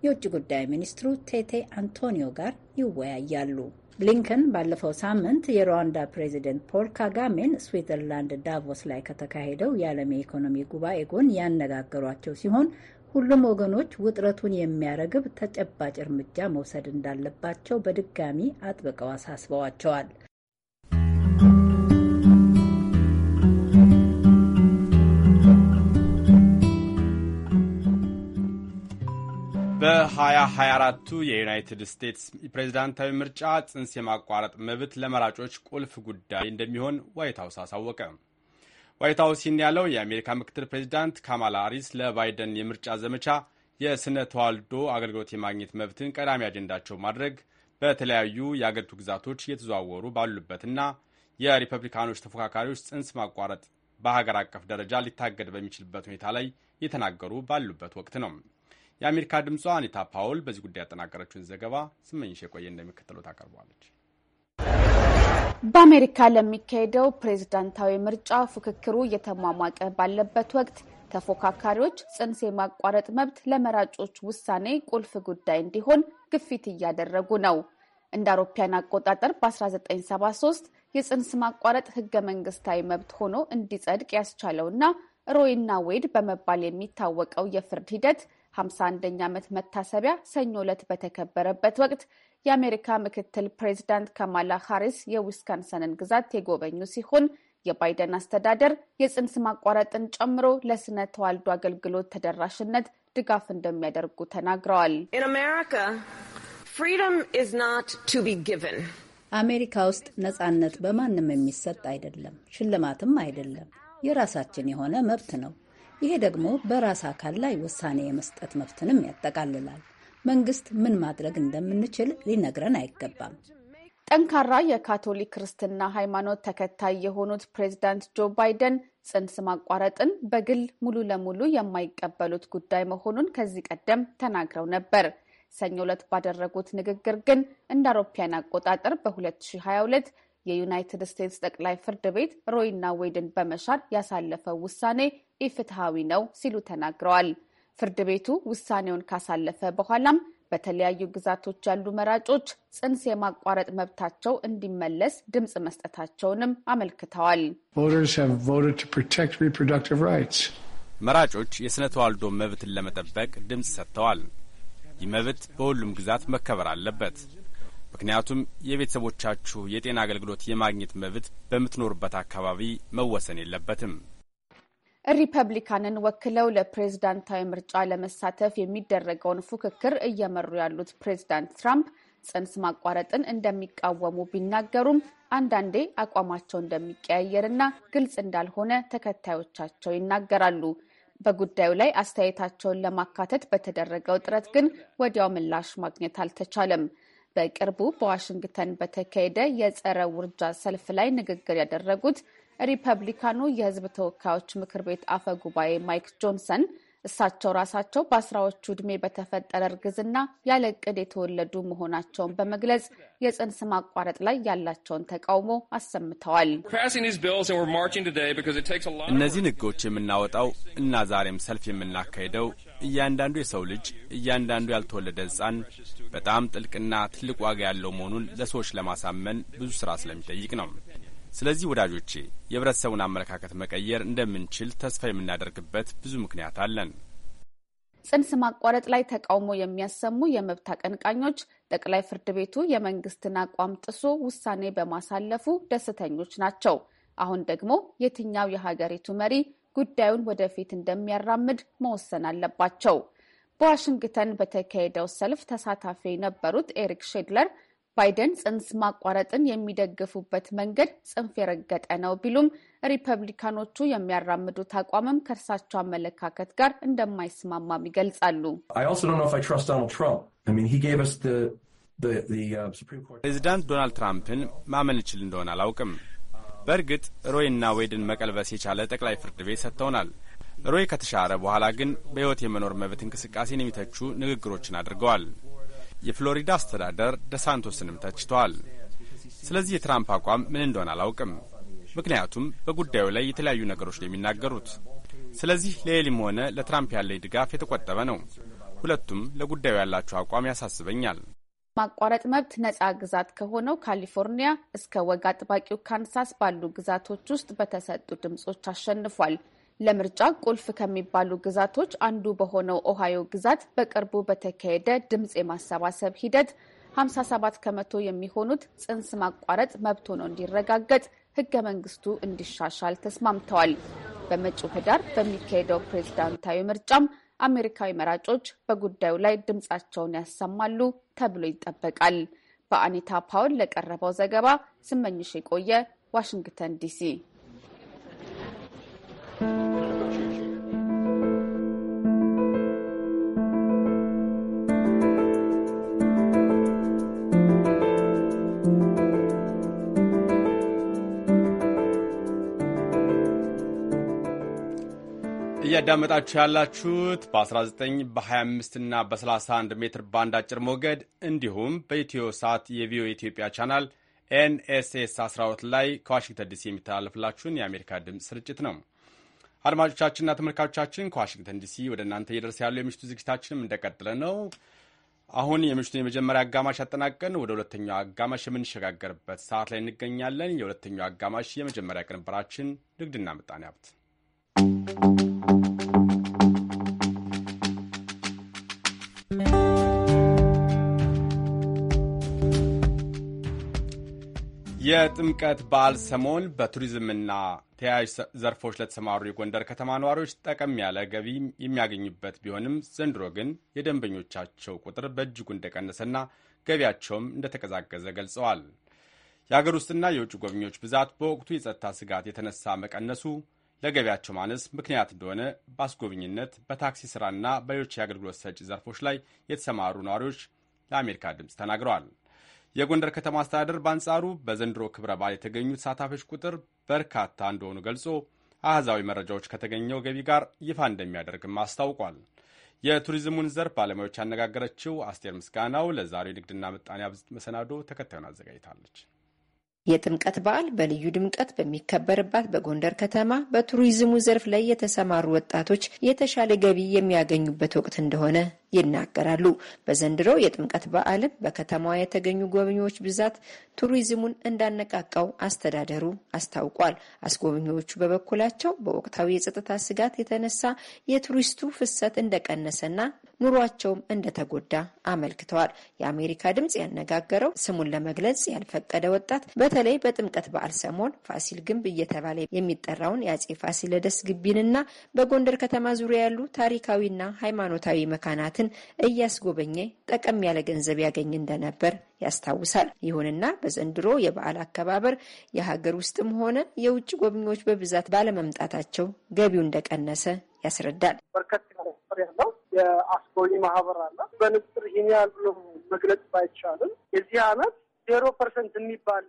የውጭ ጉዳይ ሚኒስትሩ ቴቴ አንቶኒዮ ጋር ይወያያሉ። ብሊንከን ባለፈው ሳምንት የሩዋንዳ ፕሬዚደንት ፖል ካጋሜን ስዊዘርላንድ ዳቮስ ላይ ከተካሄደው የዓለም የኢኮኖሚ ጉባኤ ጎን ያነጋገሯቸው ሲሆን ሁሉም ወገኖች ውጥረቱን የሚያረግብ ተጨባጭ እርምጃ መውሰድ እንዳለባቸው በድጋሚ አጥብቀው አሳስበዋቸዋል። በ2024ቱ የዩናይትድ ስቴትስ ፕሬዚዳንታዊ ምርጫ ጽንስ የማቋረጥ መብት ለመራጮች ቁልፍ ጉዳይ እንደሚሆን ዋይት ሀውስ አሳወቀ። ዋይት ሀውስ ይህን ያለው የአሜሪካ ምክትል ፕሬዚዳንት ካማላ ሀሪስ ለባይደን የምርጫ ዘመቻ የስነ ተዋልዶ አገልግሎት የማግኘት መብትን ቀዳሚ አጀንዳቸው ማድረግ በተለያዩ የአገሪቱ ግዛቶች እየተዘዋወሩ ባሉበትና የሪፐብሊካኖች ተፎካካሪዎች ጽንስ ማቋረጥ በሀገር አቀፍ ደረጃ ሊታገድ በሚችልበት ሁኔታ ላይ የተናገሩ ባሉበት ወቅት ነው። የአሜሪካ ድምጿ አኒታ ፓውል በዚህ ጉዳይ ያጠናቀረችውን ዘገባ ስመኝሽ የቆየ እንደሚከተለው ታቀርበዋለች። በአሜሪካ ለሚካሄደው ፕሬዝዳንታዊ ምርጫ ፉክክሩ እየተሟሟቀ ባለበት ወቅት ተፎካካሪዎች ጽንስ የማቋረጥ መብት ለመራጮች ውሳኔ ቁልፍ ጉዳይ እንዲሆን ግፊት እያደረጉ ነው። እንደ አውሮፓያን አቆጣጠር በ1973 የጽንስ ማቋረጥ ህገ መንግስታዊ መብት ሆኖ እንዲጸድቅ ያስቻለውና ሮይና ዌድ በመባል የሚታወቀው የፍርድ ሂደት 51ኛ ዓመት መታሰቢያ ሰኞ ዕለት በተከበረበት ወቅት የአሜሪካ ምክትል ፕሬዚዳንት ካማላ ሃሪስ የዊስካንሰንን ግዛት የጎበኙ ሲሆን የባይደን አስተዳደር የጽንስ ማቋረጥን ጨምሮ ለስነ ተዋልዶ አገልግሎት ተደራሽነት ድጋፍ እንደሚያደርጉ ተናግረዋል። አሜሪካ ውስጥ ነጻነት በማንም የሚሰጥ አይደለም፣ ሽልማትም አይደለም። የራሳችን የሆነ መብት ነው። ይሄ ደግሞ በራስ አካል ላይ ውሳኔ የመስጠት መብትንም ያጠቃልላል። መንግስት ምን ማድረግ እንደምንችል ሊነግረን አይገባም። ጠንካራ የካቶሊክ ክርስትና ሃይማኖት ተከታይ የሆኑት ፕሬዚዳንት ጆ ባይደን ጽንስ ማቋረጥን በግል ሙሉ ለሙሉ የማይቀበሉት ጉዳይ መሆኑን ከዚህ ቀደም ተናግረው ነበር። ሰኞ ዕለት ባደረጉት ንግግር ግን እንደ አውሮፓውያን አቆጣጠር በ2022 የዩናይትድ ስቴትስ ጠቅላይ ፍርድ ቤት ሮይና ዌድን በመሻር ያሳለፈው ውሳኔ ኢፍትሐዊ ነው ሲሉ ተናግረዋል። ፍርድ ቤቱ ውሳኔውን ካሳለፈ በኋላም በተለያዩ ግዛቶች ያሉ መራጮች ጽንስ የማቋረጥ መብታቸው እንዲመለስ ድምፅ መስጠታቸውንም አመልክተዋል። መራጮች የሥነ ተዋልዶ መብትን ለመጠበቅ ድምፅ ሰጥተዋል። ይህ መብት በሁሉም ግዛት መከበር አለበት። ምክንያቱም የቤተሰቦቻችሁ የጤና አገልግሎት የማግኘት መብት በምትኖርበት አካባቢ መወሰን የለበትም። ሪፐብሊካንን ወክለው ለፕሬዝዳንታዊ ምርጫ ለመሳተፍ የሚደረገውን ፉክክር እየመሩ ያሉት ፕሬዝዳንት ትራምፕ ጽንስ ማቋረጥን እንደሚቃወሙ ቢናገሩም አንዳንዴ አቋማቸው እንደሚቀያየርና ግልጽ እንዳልሆነ ተከታዮቻቸው ይናገራሉ። በጉዳዩ ላይ አስተያየታቸውን ለማካተት በተደረገው ጥረት ግን ወዲያው ምላሽ ማግኘት አልተቻለም። በቅርቡ በዋሽንግተን በተካሄደ የጸረ ውርጃ ሰልፍ ላይ ንግግር ያደረጉት ሪፐብሊካኑ የህዝብ ተወካዮች ምክር ቤት አፈ ጉባኤ ማይክ ጆንሰን እሳቸው ራሳቸው በአስራዎቹ ዕድሜ በተፈጠረ እርግዝና ያለ ዕቅድ የተወለዱ መሆናቸውን በመግለጽ የጽንስ ማቋረጥ ላይ ያላቸውን ተቃውሞ አሰምተዋል። እነዚህን ህጎች የምናወጣው እና ዛሬም ሰልፍ የምናካሄደው እያንዳንዱ የሰው ልጅ እያንዳንዱ ያልተወለደ ህፃን በጣም ጥልቅና ትልቅ ዋጋ ያለው መሆኑን ለሰዎች ለማሳመን ብዙ ስራ ስለሚጠይቅ ነው። ስለዚህ ወዳጆቼ የህብረተሰቡን አመለካከት መቀየር እንደምንችል ተስፋ የምናደርግበት ብዙ ምክንያት አለን። ጽንስ ማቋረጥ ላይ ተቃውሞ የሚያሰሙ የመብት አቀንቃኞች ጠቅላይ ፍርድ ቤቱ የመንግስትን አቋም ጥሶ ውሳኔ በማሳለፉ ደስተኞች ናቸው። አሁን ደግሞ የትኛው የሀገሪቱ መሪ ጉዳዩን ወደፊት እንደሚያራምድ መወሰን አለባቸው። በዋሽንግተን በተካሄደው ሰልፍ ተሳታፊ የነበሩት ኤሪክ ሼድለር ባይደን ጽንስ ማቋረጥን የሚደግፉበት መንገድ ጽንፍ የረገጠ ነው ቢሉም ሪፐብሊካኖቹ የሚያራምዱት አቋምም ከእርሳቸው አመለካከት ጋር እንደማይስማማም ይገልጻሉ። uh, ፕሬዚዳንት ዶናልድ ትራምፕን ማመን እችል እንደሆነ አላውቅም። በእርግጥ ሮይና ዌድን መቀልበስ የቻለ ጠቅላይ ፍርድ ቤት ሰጥተውናል። ሮይ ከተሻረ በኋላ ግን በሕይወት የመኖር መብት እንቅስቃሴን የሚተቹ ንግግሮችን አድርገዋል። የፍሎሪዳ አስተዳደር ደሳንቶስንም ተችተዋል። ስለዚህ የትራምፕ አቋም ምን እንደሆነ አላውቅም፣ ምክንያቱም በጉዳዩ ላይ የተለያዩ ነገሮች ነው የሚናገሩት። ስለዚህ ለየሊም ሆነ ለትራምፕ ያለኝ ድጋፍ የተቆጠበ ነው። ሁለቱም ለጉዳዩ ያላቸው አቋም ያሳስበኛል። ማቋረጥ መብት ነፃ ግዛት ከሆነው ካሊፎርኒያ እስከ ወግ አጥባቂው ካንሳስ ባሉ ግዛቶች ውስጥ በተሰጡ ድምጾች አሸንፏል። ለምርጫ ቁልፍ ከሚባሉ ግዛቶች አንዱ በሆነው ኦሃዮ ግዛት በቅርቡ በተካሄደ ድምፅ የማሰባሰብ ሂደት 57 ከመቶ የሚሆኑት ጽንስ ማቋረጥ መብት ሆኖ እንዲረጋገጥ ህገ መንግስቱ እንዲሻሻል ተስማምተዋል። በመጪው ህዳር በሚካሄደው ፕሬዝዳንታዊ ምርጫም አሜሪካዊ መራጮች በጉዳዩ ላይ ድምፃቸውን ያሰማሉ ተብሎ ይጠበቃል። በአኒታ ፓውል ለቀረበው ዘገባ ስመኝሽ የቆየ ዋሽንግተን ዲሲ። እያዳመጣችሁ ያላችሁት በ19 በ25 እና በ31 ሜትር ባንድ አጭር ሞገድ እንዲሁም በኢትዮ ሰዓት የቪኦኤ ኢትዮጵያ ቻናል ኤንኤስኤስ 12 ላይ ከዋሽንግተን ዲሲ የሚተላለፍላችሁን የአሜሪካ ድምፅ ስርጭት ነው። አድማጮቻችንና ተመልካቾቻችን ከዋሽንግተን ዲሲ ወደ እናንተ እየደረስ ያለው የምሽቱ ዝግጅታችንም እንደቀጥለ ነው። አሁን የምሽቱን የመጀመሪያ አጋማሽ አጠናቀን ወደ ሁለተኛው አጋማሽ የምንሸጋገርበት ሰዓት ላይ እንገኛለን። የሁለተኛው አጋማሽ የመጀመሪያ ቅንብራችን ንግድና ምጣኔ ሀብት የጥምቀት በዓል ሰሞን በቱሪዝምና ተያያዥ ዘርፎች ለተሰማሩ የጎንደር ከተማ ነዋሪዎች ጠቀም ያለ ገቢ የሚያገኙበት ቢሆንም ዘንድሮ ግን የደንበኞቻቸው ቁጥር በእጅጉ እንደቀነሰና ገቢያቸውም እንደተቀዛቀዘ ገልጸዋል። የአገር ውስጥና የውጭ ጎብኚዎች ብዛት በወቅቱ የጸጥታ ስጋት የተነሳ መቀነሱ ለገቢያቸው ማነስ ምክንያት እንደሆነ በአስጎብኝነት በታክሲ ስራና በሌሎች የአገልግሎት ሰጪ ዘርፎች ላይ የተሰማሩ ነዋሪዎች ለአሜሪካ ድምፅ ተናግረዋል። የጎንደር ከተማ አስተዳደር በአንጻሩ በዘንድሮ ክብረ በዓል የተገኙት ተሳታፊዎች ቁጥር በርካታ እንደሆኑ ገልጾ አህዛዊ መረጃዎች ከተገኘው ገቢ ጋር ይፋ እንደሚያደርግም አስታውቋል። የቱሪዝሙን ዘርፍ ባለሙያዎች ያነጋገረችው አስቴር ምስጋናው ለዛሬው ንግድና ምጣኔ ሀብት መሰናዶ ተከታዩን አዘጋጅታለች። የጥምቀት በዓል በልዩ ድምቀት በሚከበርባት በጎንደር ከተማ በቱሪዝሙ ዘርፍ ላይ የተሰማሩ ወጣቶች የተሻለ ገቢ የሚያገኙበት ወቅት እንደሆነ ይናገራሉ። በዘንድሮ የጥምቀት በዓልም በከተማዋ የተገኙ ጎብኚዎች ብዛት ቱሪዝሙን እንዳነቃቃው አስተዳደሩ አስታውቋል። አስጎብኚዎቹ በበኩላቸው በወቅታዊ የጸጥታ ስጋት የተነሳ የቱሪስቱ ፍሰት እንደቀነሰና ኑሯቸውም እንደተጎዳ አመልክተዋል። የአሜሪካ ድምጽ ያነጋገረው ስሙን ለመግለጽ ያልፈቀደ ወጣት በተለይ በጥምቀት በዓል ሰሞን ፋሲል ግንብ እየተባለ የሚጠራውን የአጼ ፋሲለደስ ግቢንና በጎንደር ከተማ ዙሪያ ያሉ ታሪካዊና ሃይማኖታዊ መካናትን ተቋማትን እያስጎበኘ ጠቀም ያለ ገንዘብ ያገኝ እንደነበር ያስታውሳል። ይሁንና በዘንድሮ የበዓል አከባበር የሀገር ውስጥም ሆነ የውጭ ጎብኚዎች በብዛት ባለመምጣታቸው ገቢው እንደቀነሰ ያስረዳል። በርከት ያለው የአስጎብኚ ማህበር አለ። በንጽር ይህን ያህል ብሎ መግለጽ ባይቻልም የዚህ አመት ዜሮ ፐርሰንት የሚባል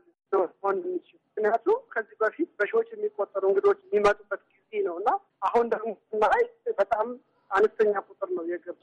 ሆን የሚችል ምክንያቱም ከዚህ በፊት በሺዎች የሚቆጠሩ እንግዶች የሚመጡበት ጊዜ ነው እና አሁን ደግሞ ስናይ በጣም አነስተኛ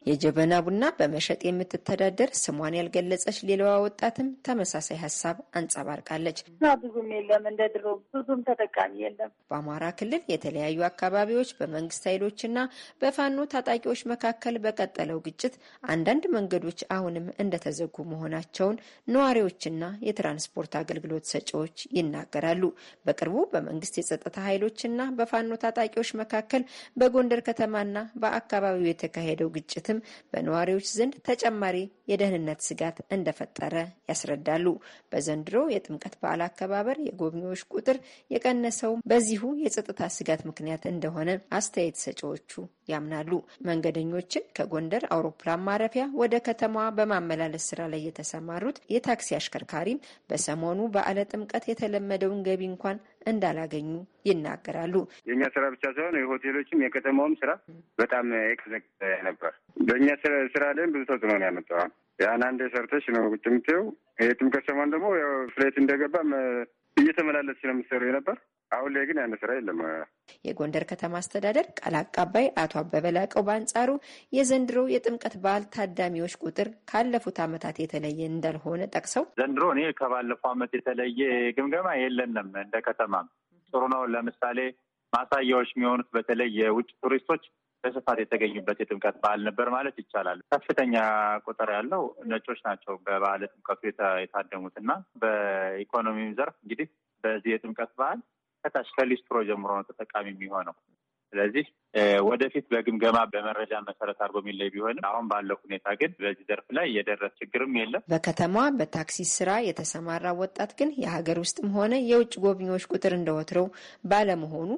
የጀበና ቡና በመሸጥ የምትተዳደር ስሟን ያልገለጸች ሌላዋ ወጣትም ተመሳሳይ ሀሳብ አንጸባርቃለች። ብዙም የለም እንደ ድሮ ብዙም ተጠቃሚ የለም። በአማራ ክልል የተለያዩ አካባቢዎች በመንግስት ኃይሎችና በፋኖ ታጣቂዎች መካከል በቀጠለው ግጭት አንዳንድ መንገዶች አሁንም እንደተዘጉ መሆናቸውን ነዋሪዎችና የትራንስፖርት አገልግሎት ሰጪዎች ይናገራሉ። በቅርቡ በመንግስት የጸጥታ ኃይሎችና በፋኖ ታጣቂዎች መካከል በጎንደር ከተማና በአካባቢው የተካሄደው ግጭት በነዋሪዎች ዘንድ ተጨማሪ የደህንነት ስጋት እንደፈጠረ ያስረዳሉ። በዘንድሮ የጥምቀት በዓል አከባበር የጎብኚዎች ቁጥር የቀነሰው በዚሁ የጸጥታ ስጋት ምክንያት እንደሆነ አስተያየት ሰጪዎቹ ያምናሉ። መንገደኞችን ከጎንደር አውሮፕላን ማረፊያ ወደ ከተማዋ በማመላለስ ስራ ላይ የተሰማሩት የታክሲ አሽከርካሪም በሰሞኑ በዓለ ጥምቀት የተለመደውን ገቢ እንኳን እንዳላገኙ ይናገራሉ። የእኛ ስራ ብቻ ሳይሆን የሆቴሎችም የከተማውም ስራ በጣም የቀዘቀዘ ነበር። በእኛ ስራ ላይ ብዙ ተጽዕኖ ነው ያመጣዋል። ያን አንድ ሰርተሽ ነው ቁጭ የምትይው። የጥምቀት ሰሞን ደግሞ ፍሌት እንደገባም እየተመላለስሽ ነው የምትሰሩ የነበር። አሁን ላይ ግን ያን ስራ የለም። የጎንደር ከተማ አስተዳደር ቃል አቃባይ አቶ አበበ ላቀው በአንጻሩ የዘንድሮ የጥምቀት በዓል ታዳሚዎች ቁጥር ካለፉት ዓመታት የተለየ እንዳልሆነ ጠቅሰው ዘንድሮ እኔ ከባለፈው ዓመት የተለየ ግምገማ የለንም። እንደ ከተማም ጥሩ ነው። ለምሳሌ ማሳያዎች የሚሆኑት በተለይ የውጭ ቱሪስቶች በስፋት የተገኙበት የጥምቀት በዓል ነበር ማለት ይቻላል። ከፍተኛ ቁጥር ያለው ነጮች ናቸው በበዓለ ጥምቀቱ የታደሙት እና በኢኮኖሚም ዘርፍ እንግዲህ በዚህ የጥምቀት በዓል ከታች ከሊስትሮ ጀምሮ ነው ተጠቃሚ የሚሆነው። ስለዚህ ወደፊት በግምገማ በመረጃ መሰረት አድርጎ የሚለይ ቢሆንም አሁን ባለው ሁኔታ ግን በዚህ ዘርፍ ላይ የደረስ ችግርም የለም። በከተማ በታክሲ ስራ የተሰማራ ወጣት ግን የሀገር ውስጥም ሆነ የውጭ ጎብኚዎች ቁጥር እንደወትረው ባለመሆኑ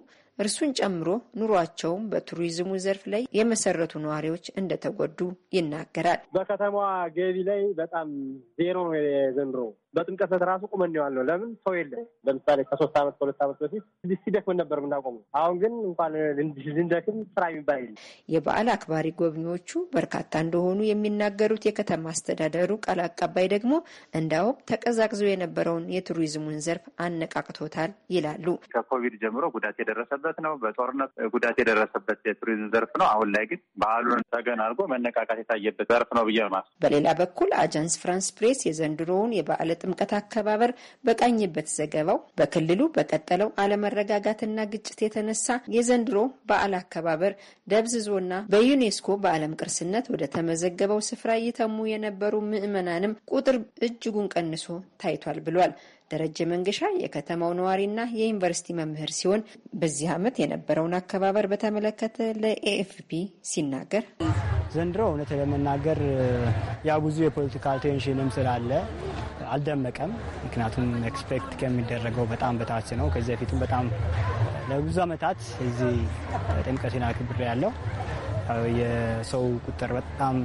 እርሱን ጨምሮ ኑሯቸውም በቱሪዝሙ ዘርፍ ላይ የመሰረቱ ነዋሪዎች እንደተጎዱ ይናገራል። በከተማዋ ገቢ ላይ በጣም ዜሮ ነው በጥምቀት ዕለት ራሱ ቁመን ነው ለምን ሰው የለም። ለምሳሌ ከሶስት ዓመት ከሁለት ዓመት በፊት ሲደክመን ነበር የምናቆሙ። አሁን ግን እንኳን ልንደክም ስራ የሚባል የለም። የበዓል አክባሪ ጎብኚዎቹ በርካታ እንደሆኑ የሚናገሩት የከተማ አስተዳደሩ ቃል አቀባይ ደግሞ እንዳውም ተቀዛቅዞ የነበረውን የቱሪዝሙን ዘርፍ አነቃቅቶታል ይላሉ። ከኮቪድ ጀምሮ ጉዳት የደረሰበት ነው። በጦርነት ጉዳት የደረሰበት የቱሪዝም ዘርፍ ነው። አሁን ላይ ግን ባህሉን ተገን አድርጎ መነቃቃት የታየበት ዘርፍ ነው ብዬ ማስ በሌላ በኩል አጃንስ ፍራንስ ፕሬስ የዘንድሮውን የበዓለ ጥምቀት አከባበር በቃኝበት ዘገባው በክልሉ በቀጠለው አለመረጋጋትና ግጭት የተነሳ የዘንድሮ በዓል አከባበር ደብዝዞና በዩኔስኮ በዓለም ቅርስነት ወደ ተመዘገበው ስፍራ እየተሙ የነበሩ ምዕመናንም ቁጥር እጅጉን ቀንሶ ታይቷል ብሏል። ደረጀ መንገሻ የከተማው ነዋሪና የዩኒቨርሲቲ መምህር ሲሆን በዚህ ዓመት የነበረውን አከባበር በተመለከተ ለኤኤፍፒ ሲናገር ዘንድሮ እውነት ለመናገር ያ ብዙ የፖለቲካል ቴንሽንም ስላለ አልደመቀም። ምክንያቱም ኤክስፔክት ከሚደረገው በጣም በታች ነው። ከዚህ በፊትም በጣም ለብዙ ዓመታት እዚህ ጥምቀቴን አክብሬ ያለው የሰው ቁጥር በጣም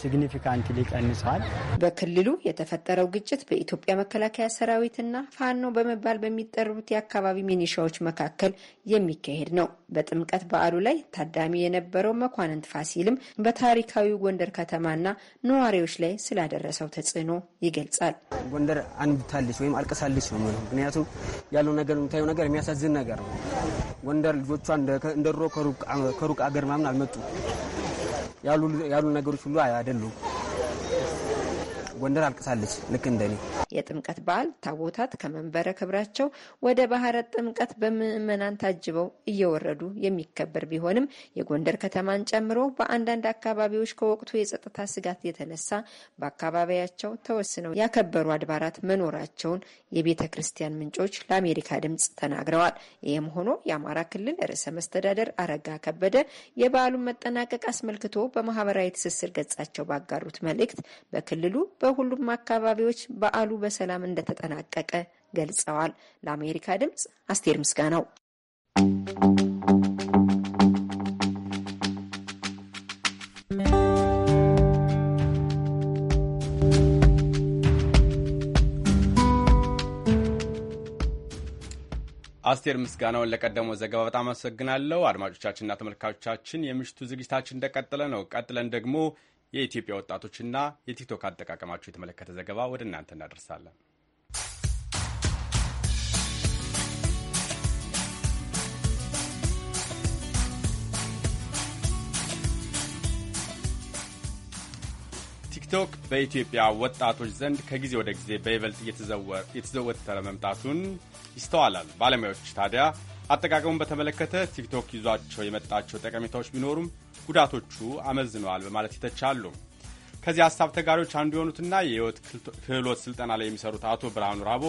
ሲግኒፊካንትሊ ቀንሰዋል። በክልሉ የተፈጠረው ግጭት በኢትዮጵያ መከላከያ ሰራዊትና ፋኖ በመባል በሚጠሩት የአካባቢ ሚኒሻዎች መካከል የሚካሄድ ነው። በጥምቀት በዓሉ ላይ ታዳሚ የነበረው መኳንንት ፋሲልም በታሪካዊ ጎንደር ከተማና ነዋሪዎች ላይ ስላደረሰው ተጽዕኖ ይገልጻል። ጎንደር አንብታለች ወይም አልቅሳለች ነው። ምክንያቱም ያለው ነገር የምታየው ነገር የሚያሳዝን ነገር ነው። ጎንደር ልጆቿ እንደሮ ከሩቅ አገር ምናምን አልመጡ ያሉ ነገሮች ሁሉ አይደሉም። ጎንደር አልቅሳለች። ልክ እንደኔ የጥምቀት በዓል ታቦታት ከመንበረ ክብራቸው ወደ ባህረ ጥምቀት በምዕመናን ታጅበው እየወረዱ የሚከበር ቢሆንም የጎንደር ከተማን ጨምሮ በአንዳንድ አካባቢዎች ከወቅቱ የጸጥታ ስጋት የተነሳ በአካባቢያቸው ተወስነው ያከበሩ አድባራት መኖራቸውን የቤተ ክርስቲያን ምንጮች ለአሜሪካ ድምጽ ተናግረዋል። ይህም ሆኖ የአማራ ክልል ርዕሰ መስተዳደር አረጋ ከበደ የበዓሉን መጠናቀቅ አስመልክቶ በማህበራዊ ትስስር ገጻቸው ባጋሩት መልእክት በክልሉ በ በሁሉም አካባቢዎች በዓሉ በሰላም እንደተጠናቀቀ ገልጸዋል። ለአሜሪካ ድምፅ አስቴር ምስጋናው። አስቴር ምስጋናውን ለቀደመው ዘገባ በጣም አመሰግናለሁ። አድማጮቻችንና ተመልካቾቻችን የምሽቱ ዝግጅታችን እንደቀጠለ ነው። ቀጥለን ደግሞ የኢትዮጵያ ወጣቶችና የቲክቶክ አጠቃቀማቸው የተመለከተ ዘገባ ወደ እናንተ እናደርሳለን። ቲክቶክ በኢትዮጵያ ወጣቶች ዘንድ ከጊዜ ወደ ጊዜ በይበልጥ እየተዘወተረ መምጣቱን ይስተዋላል። ባለሙያዎች ታዲያ አጠቃቀሙን በተመለከተ ቲክቶክ ይዟቸው የመጣቸው ጠቀሜታዎች ቢኖሩም ጉዳቶቹ አመዝነዋል በማለት ይተቻሉ። ከዚህ ሀሳብ ተጋሪዎች አንዱ የሆኑትና የህይወት ክህሎት ስልጠና ላይ የሚሰሩት አቶ ብርሃኑ ራቦ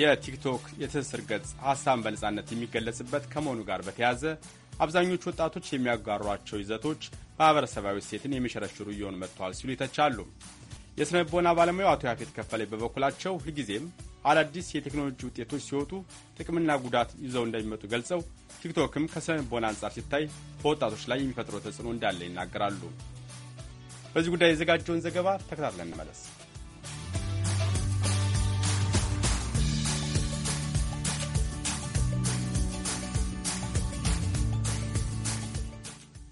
የቲክቶክ የትስስር ገጽ ሀሳብን በነጻነት የሚገለጽበት ከመሆኑ ጋር በተያያዘ አብዛኞቹ ወጣቶች የሚያጋሯቸው ይዘቶች ማህበረሰባዊ እሴትን የሚሸረሽሩ እየሆኑ መጥተዋል ሲሉ ይተቻሉ። የስነ ልቦና ባለሙያው አቶ ያፌት ከፈለኝ በበኩላቸው ሁልጊዜም አዳዲስ የቴክኖሎጂ ውጤቶች ሲወጡ ጥቅምና ጉዳት ይዘው እንደሚመጡ ገልጸው ቲክቶክም ከስነልቦና አንጻር ሲታይ በወጣቶች ላይ የሚፈጥረው ተጽዕኖ እንዳለ ይናገራሉ። በዚህ ጉዳይ የዘጋጀውን ዘገባ ተከታትለን እንመለስ።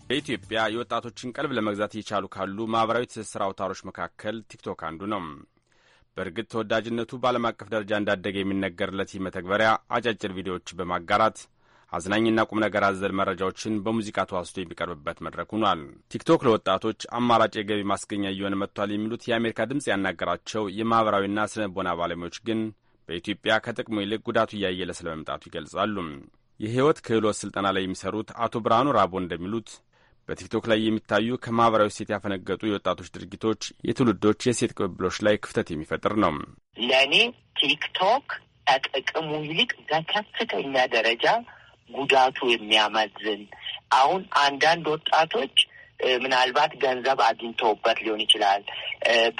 በኢትዮጵያ የወጣቶችን ቀልብ ለመግዛት እየቻሉ ካሉ ማኅበራዊ ትስስር አውታሮች መካከል ቲክቶክ አንዱ ነው። በእርግጥ ተወዳጅነቱ በዓለም አቀፍ ደረጃ እንዳደገ የሚነገርለት ይህ መተግበሪያ አጫጭር ቪዲዮዎች በማጋራት አዝናኝና ቁም ነገር አዘል መረጃዎችን በሙዚቃ ተዋስቶ የሚቀርብበት መድረክ ሆኗል። ቲክቶክ ለወጣቶች አማራጭ የገቢ ማስገኛ እየሆነ መጥቷል የሚሉት የአሜሪካ ድምፅ ያናገራቸው የማኅበራዊና ስነ ቦና ባለሙያዎች ግን በኢትዮጵያ ከጥቅሙ ይልቅ ጉዳቱ እያየለ ስለመምጣቱ ይገልጻሉ። የህይወት ክህሎት ሥልጠና ላይ የሚሰሩት አቶ ብርሃኑ ራቦ እንደሚሉት በቲክቶክ ላይ የሚታዩ ከማህበራዊ ሴት ያፈነገጡ የወጣቶች ድርጊቶች የትውልዶች የሴት ቅብብሎች ላይ ክፍተት የሚፈጥር ነው። ለእኔ ቲክቶክ ከጥቅሙ ይልቅ በከፍተኛ ደረጃ ጉዳቱ የሚያመዝን አሁን አንዳንድ ወጣቶች ምናልባት ገንዘብ አግኝተውበት ሊሆን ይችላል።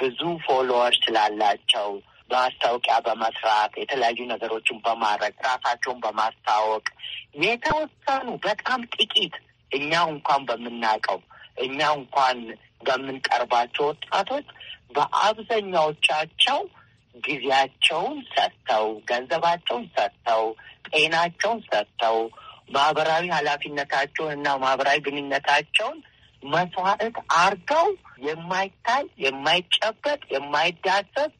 ብዙ ፎሎወር ስላላቸው ማስታወቂያ በመስራት የተለያዩ ነገሮችን በማድረግ ራሳቸውን በማስታወቅ የተወሰኑ በጣም ጥቂት እኛ እንኳን በምናውቀው እኛ እንኳን በምንቀርባቸው ወጣቶች በአብዛኛዎቻቸው ጊዜያቸውን ሰጥተው ገንዘባቸውን ሰጥተው ጤናቸውን ሰጥተው ማህበራዊ ኃላፊነታቸውን እና ማህበራዊ ግንኙነታቸውን መስዋዕት አርገው የማይታይ የማይጨበጥ የማይዳሰስ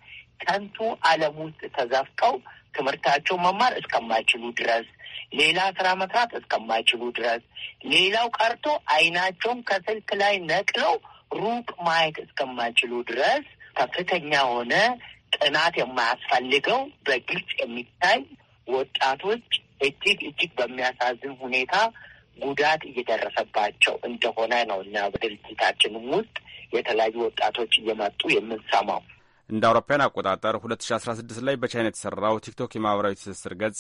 ከንቱ ዓለም ውስጥ ተዘፍቀው ትምህርታቸው መማር እስከማይችሉ ድረስ ሌላ ስራ መስራት እስከማይችሉ ድረስ፣ ሌላው ቀርቶ አይናቸውም ከስልክ ላይ ነቅለው ሩቅ ማየት እስከማይችሉ ድረስ ከፍተኛ የሆነ ጥናት የማያስፈልገው በግልጽ የሚታይ ወጣቶች እጅግ እጅግ በሚያሳዝን ሁኔታ ጉዳት እየደረሰባቸው እንደሆነ ነው። እና በድርጅታችንም ውስጥ የተለያዩ ወጣቶች እየመጡ የምንሰማው እንደ አውሮፓውያን አቆጣጠር ሁለት ሺ አስራ ስድስት ላይ በቻይና የተሰራው ቲክቶክ የማህበራዊ ትስስር ገጽ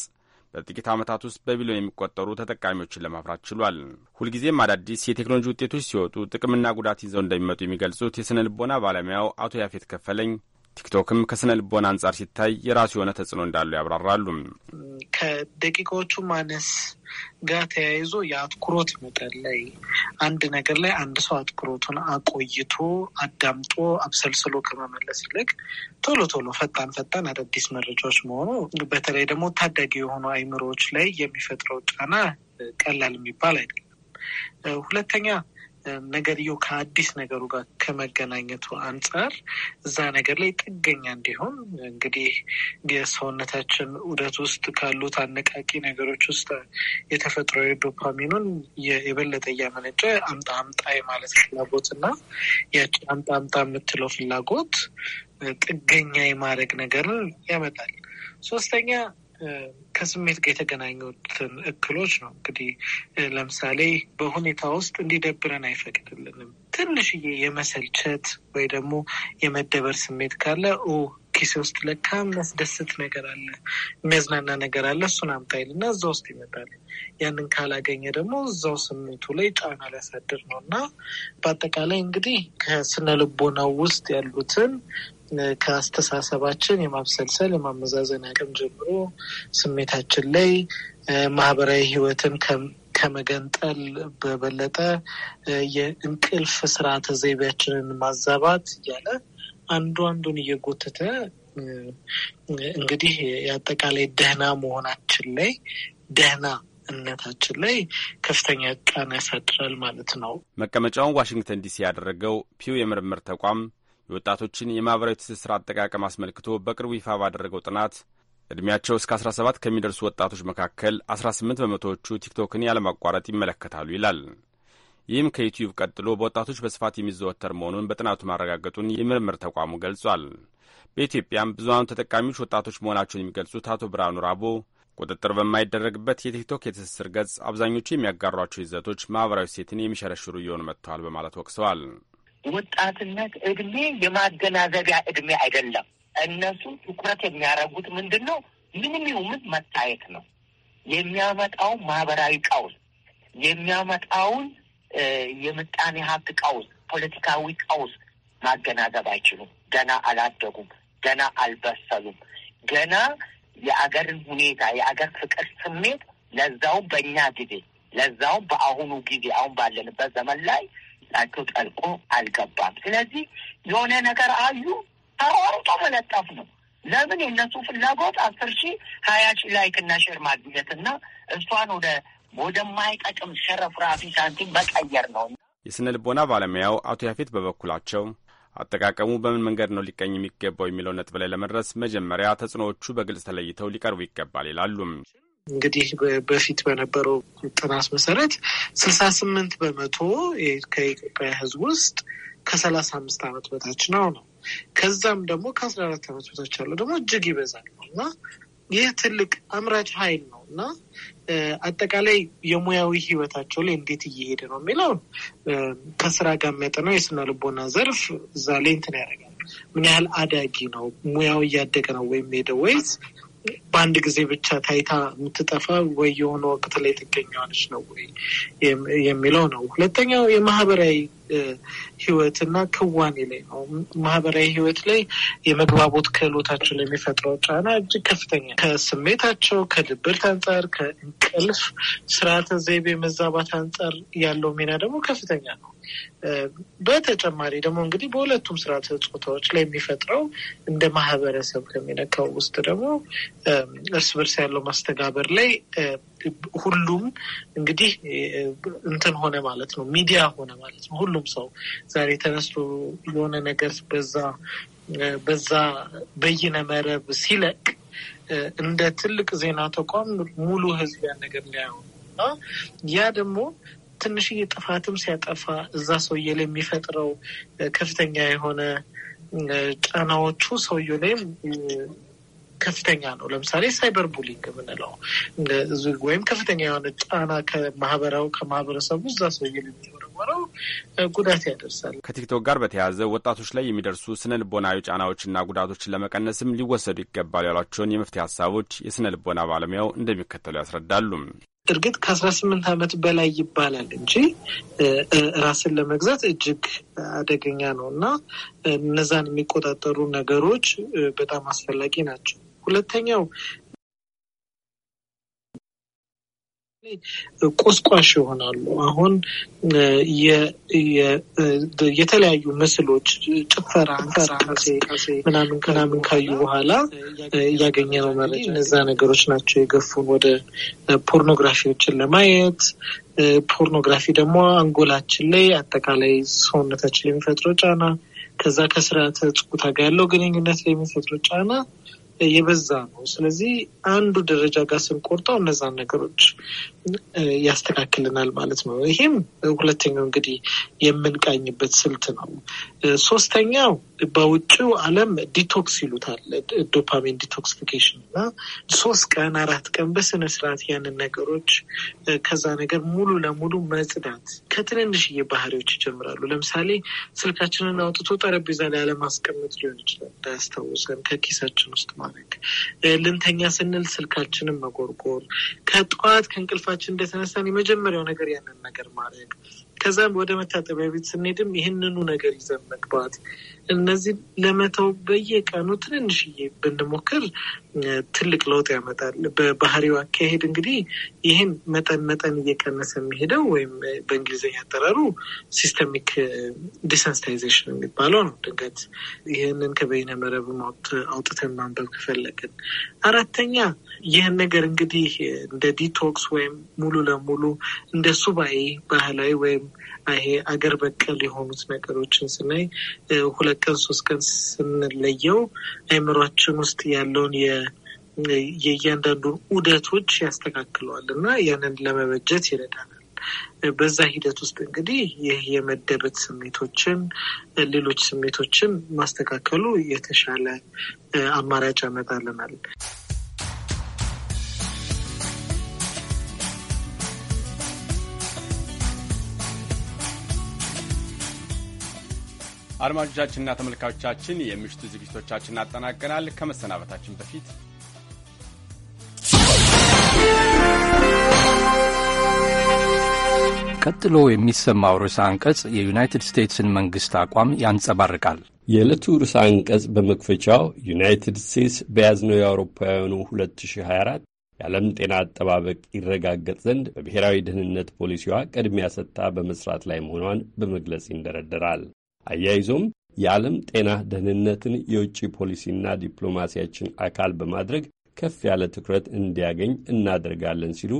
በጥቂት ዓመታት ውስጥ በቢሊዮን የሚቆጠሩ ተጠቃሚዎችን ለማፍራት ችሏል። ሁልጊዜም አዳዲስ የቴክኖሎጂ ውጤቶች ሲወጡ ጥቅምና ጉዳት ይዘው እንደሚመጡ የሚገልጹት የሥነ ልቦና ባለሙያው አቶ ያፌት ከፈለኝ ቲክቶክም ከስነ ልቦና አንጻር ሲታይ የራሱ የሆነ ተጽዕኖ እንዳለው ያብራራሉ። ከደቂቃዎቹ ማነስ ጋር ተያይዞ የአትኩሮት መጠን ላይ አንድ ነገር ላይ አንድ ሰው አትኩሮቱን አቆይቶ አዳምጦ አብሰልስሎ ከመመለስ ይልቅ ቶሎ ቶሎ ፈጣን ፈጣን አዳዲስ መረጃዎች መሆኑ በተለይ ደግሞ ታዳጊ የሆኑ አይምሮዎች ላይ የሚፈጥረው ጫና ቀላል የሚባል አይደለም። ሁለተኛ ነገርየው ከአዲስ ነገሩ ጋር ከመገናኘቱ አንጻር እዛ ነገር ላይ ጥገኛ እንዲሆን እንግዲህ የሰውነታችን ውደት ውስጥ ካሉት አነቃቂ ነገሮች ውስጥ የተፈጥሮ ዶፓሚኑን የበለጠ እያመነጨ አምጣ አምጣ የማለት ፍላጎት እና ያቺ አምጣ አምጣ የምትለው ፍላጎት ጥገኛ የማድረግ ነገርን ያመጣል። ሶስተኛ ከስሜት ጋር የተገናኙትን እክሎች ነው። እንግዲህ ለምሳሌ በሁኔታ ውስጥ እንዲደብረን አይፈቅድልንም። ትንሽዬ የመሰልቸት ወይ ደግሞ የመደበር ስሜት ካለ ኪሴ ውስጥ ለካ የሚያስደስት ነገር አለ፣ የሚያዝናና ነገር አለ፣ እሱን አምጣ እና እዛ ውስጥ ይመጣል። ያንን ካላገኘ ደግሞ እዛው ስሜቱ ላይ ጫና ሊያሳድር ነው እና በአጠቃላይ እንግዲህ ከስነ ልቦናው ውስጥ ያሉትን ከአስተሳሰባችን የማብሰልሰል የማመዛዘን አቅም ጀምሮ ስሜታችን ላይ ማህበራዊ ህይወትን ከመገንጠል በበለጠ የእንቅልፍ ስርዓተ ዘይቤያችንን ማዛባት እያለ አንዱ አንዱን እየጎተተ እንግዲህ የአጠቃላይ ደህና መሆናችን ላይ ደህና እነታችን ላይ ከፍተኛ ጫና ያሳድራል ማለት ነው። መቀመጫውን ዋሽንግተን ዲሲ ያደረገው ፒው የምርምር ተቋም የወጣቶችን የማህበራዊ ትስስር አጠቃቀም አስመልክቶ በቅርቡ ይፋ ባደረገው ጥናት እድሜያቸው እስከ 17 ከሚደርሱ ወጣቶች መካከል 18 በመቶዎቹ ቲክቶክን ያለማቋረጥ ይመለከታሉ ይላል። ይህም ከዩቲዩብ ቀጥሎ በወጣቶች በስፋት የሚዘወተር መሆኑን በጥናቱ ማረጋገጡን የምርምር ተቋሙ ገልጿል። በኢትዮጵያም ብዙሃኑ ተጠቃሚዎች ወጣቶች መሆናቸውን የሚገልጹት አቶ ብርሃኑ ራቦ ቁጥጥር በማይደረግበት የቲክቶክ የትስስር ገጽ አብዛኞቹ የሚያጋሯቸው ይዘቶች ማኅበራዊ ሴትን የሚሸረሽሩ እየሆኑ መጥተዋል በማለት ወቅሰዋል። ወጣትነት እድሜ የማገናዘቢያ እድሜ አይደለም። እነሱ ትኩረት የሚያደርጉት ምንድን ነው? ምንም ይሁን መታየት ነው የሚያመጣው ማህበራዊ ቀውስ የሚያመጣውን የምጣኔ ሀብት ቀውስ፣ ፖለቲካዊ ቀውስ ማገናዘብ አይችሉም። ገና አላደጉም። ገና አልበሰሉም። ገና የአገርን ሁኔታ የአገር ፍቅር ስሜት ለዛውም በእኛ ጊዜ ለዛውም በአሁኑ ጊዜ አሁን ባለንበት ዘመን ላይ ላቸው ጠልቆ አልገባም። ስለዚህ የሆነ ነገር አዩ ተሯሩጦ መለጠፍ ነው። ለምን የእነሱ ፍላጎት አስር ሺህ ሀያ ሺህ ላይክና ሼር ማግኘትና እሷን ወደ ወደማይጠቅም ሸረፍራፊ ሳንቲም መቀየር ነው። የስነ ልቦና ባለሙያው አቶ ያፌት በበኩላቸው አጠቃቀሙ በምን መንገድ ነው ሊቀኝ የሚገባው የሚለው ነጥብ ላይ ለመድረስ መጀመሪያ ተጽዕኖዎቹ በግልጽ ተለይተው ሊቀርቡ ይገባል ይላሉም። እንግዲህ በፊት በነበረው ጥናት መሰረት ስልሳ ስምንት በመቶ ከኢትዮጵያ ሕዝብ ውስጥ ከሰላሳ አምስት ዓመት በታች ነው ነው ከዛም ደግሞ ከአስራ አራት ዓመት በታች ያለው ደግሞ እጅግ ይበዛል ነው እና ይህ ትልቅ አምራች ኃይል ነው እና አጠቃላይ የሙያዊ ህይወታቸው ላይ እንዴት እየሄደ ነው የሚለው ከስራ ጋር የሚያጠናው የስነ ልቦና ዘርፍ እዛ ላይ እንትን ያደርጋል። ምን ያህል አዳጊ ነው ሙያው እያደገ ነው ወይም ሄደ ወይስ በአንድ ጊዜ ብቻ ታይታ የምትጠፋ ወይ የሆነ ወቅት ላይ ትገኘዋለች ነው ወይ የሚለው ነው። ሁለተኛው የማህበራዊ ህይወትና ክዋኔ ላይ ነው። ማህበራዊ ህይወት ላይ የመግባቦት ክህሎታቸው ላይ የሚፈጥረው ጫና እጅግ ከፍተኛ ከስሜታቸው ከድብርት አንጻር ከእንቅልፍ ስርዓተ ዘይቤ መዛባት አንጻር ያለው ሚና ደግሞ ከፍተኛ ነው። በተጨማሪ ደግሞ እንግዲህ በሁለቱም ስርዓተ ጾታዎች ላይ የሚፈጥረው እንደ ማህበረሰብ ከሚነካው ውስጥ ደግሞ እርስ በርስ ያለው ማስተጋበር ላይ ሁሉም እንግዲህ እንትን ሆነ ማለት ነው፣ ሚዲያ ሆነ ማለት ነው። ሁሉም ሰው ዛሬ ተነስቶ የሆነ ነገር በዛ በዛ በይነ መረብ ሲለቅ እንደ ትልቅ ዜና ተቋም ሙሉ ህዝብ ያን ነገር ሊያየው እና ያ ደግሞ ትንሽዬ ጥፋትም ሲያጠፋ እዛ ሰውዬ ላይ የሚፈጥረው ከፍተኛ የሆነ ጫናዎቹ ሰውዬ ላይም ከፍተኛ ነው። ለምሳሌ ሳይበር ቡሊንግ የምንለው ወይም ከፍተኛ የሆነ ጫና ከማህበራዊ ከማህበረሰቡ እዛ ሰው የሚወረወረው ጉዳት ያደርሳል። ከቲክቶክ ጋር በተያያዘ ወጣቶች ላይ የሚደርሱ ስነ ልቦናዊ ጫናዎችና ጉዳቶችን ለመቀነስም ሊወሰዱ ይገባል ያሏቸውን የመፍትሄ ሀሳቦች የስነ ልቦና ባለሙያው እንደሚከተሉ ያስረዳሉ። እርግጥ ከአስራ ስምንት ዓመት በላይ ይባላል እንጂ ራስን ለመግዛት እጅግ አደገኛ ነው እና እነዛን የሚቆጣጠሩ ነገሮች በጣም አስፈላጊ ናቸው። ሁለተኛው ቆስቋሽ ይሆናሉ። አሁን የተለያዩ ምስሎች ጭፈራ፣ እንቅስቃሴ ምናምን ከናምን ካዩ በኋላ እያገኘ ነው መረጃ እነዛ ነገሮች ናቸው የገፉን ወደ ፖርኖግራፊዎችን ለማየት። ፖርኖግራፊ ደግሞ አንጎላችን ላይ አጠቃላይ ሰውነታችን የሚፈጥረው ጫና ከዛ ከስርዓተ ጾታ ጋር ያለው ግንኙነት የሚፈጥረው ጫና የበዛ ነው። ስለዚህ አንዱ ደረጃ ጋር ስንቆርጠው እነዛን ነገሮች ያስተካክልናል ማለት ነው። ይሄም ሁለተኛው እንግዲህ የምንቃኝበት ስልት ነው። ሶስተኛው በውጭው ዓለም ዲቶክስ ይሉታል። ዶፓሚን ዲቶክሲፊኬሽን እና ሶስት ቀን አራት ቀን በስነ ስርዓት ያንን ነገሮች ከዛ ነገር ሙሉ ለሙሉ መጽዳት ከትንንሽዬ ባህሪዎች ይጀምራሉ። ለምሳሌ ስልካችንን አውጥቶ ጠረጴዛ ላይ አለማስቀመጥ ሊሆን ይችላል፣ እንዳያስታውሰን ከኪሳችን ውስጥ ማድረግ። ልንተኛ ስንል ስልካችንን መጎርጎር፣ ከጠዋት ከእንቅልፋችን እንደተነሳን የመጀመሪያው ነገር ያንን ነገር ማድረግ ከዛም ወደ መታጠቢያ ቤት ስንሄድም ይህንኑ ነገር ይዘን መግባት እነዚህ ለመተው በየቀኑ ትንንሽዬ ብንሞክር ትልቅ ለውጥ ያመጣል። በባህሪው አካሄድ እንግዲህ ይህን መጠን መጠን እየቀነሰ የሚሄደው ወይም በእንግሊዝኛ አጠራሩ ሲስተሚክ ዲሰንስታይዜሽን uh, የሚባለው ነው። ድንገት ይህንን ከበይነ መረብ አውጥተን ማንበብ ከፈለግን፣ አራተኛ ይህን ነገር እንግዲህ እንደ ዲቶክስ ወይም ሙሉ ለሙሉ እንደ ሱባኤ ባህላዊ ወይም ይሄ አገር በቀል የሆኑት ነገሮችን ስናይ ሁለት ቀን ሶስት ቀን ስንለየው አይምሯችን ውስጥ ያለውን የእያንዳንዱን ዑደቶች ያስተካክለዋል እና ያንን ለመበጀት ይረዳናል። በዛ ሂደት ውስጥ እንግዲህ ይህ የመደበት ስሜቶችን፣ ሌሎች ስሜቶችን ማስተካከሉ የተሻለ አማራጭ ያመጣልናል። አድማጮቻችንና ተመልካቾቻችን የምሽቱ ዝግጅቶቻችን አጠናቀናል። ከመሰናበታችን በፊት ቀጥሎ የሚሰማው ርዕሰ አንቀጽ የዩናይትድ ስቴትስን መንግሥት አቋም ያንጸባርቃል። የዕለቱ ርዕሰ አንቀጽ በመክፈቻው ዩናይትድ ስቴትስ በያዝነው የአውሮፓውያኑ 2024 የዓለም ጤና አጠባበቅ ይረጋገጥ ዘንድ በብሔራዊ ደህንነት ፖሊሲዋ ቅድሚያ ሰጥታ በመስራት ላይ መሆኗን በመግለጽ ይንደረደራል። አያይዞም የዓለም ጤና ደህንነትን የውጭ ፖሊሲና ዲፕሎማሲያችን አካል በማድረግ ከፍ ያለ ትኩረት እንዲያገኝ እናደርጋለን ሲሉ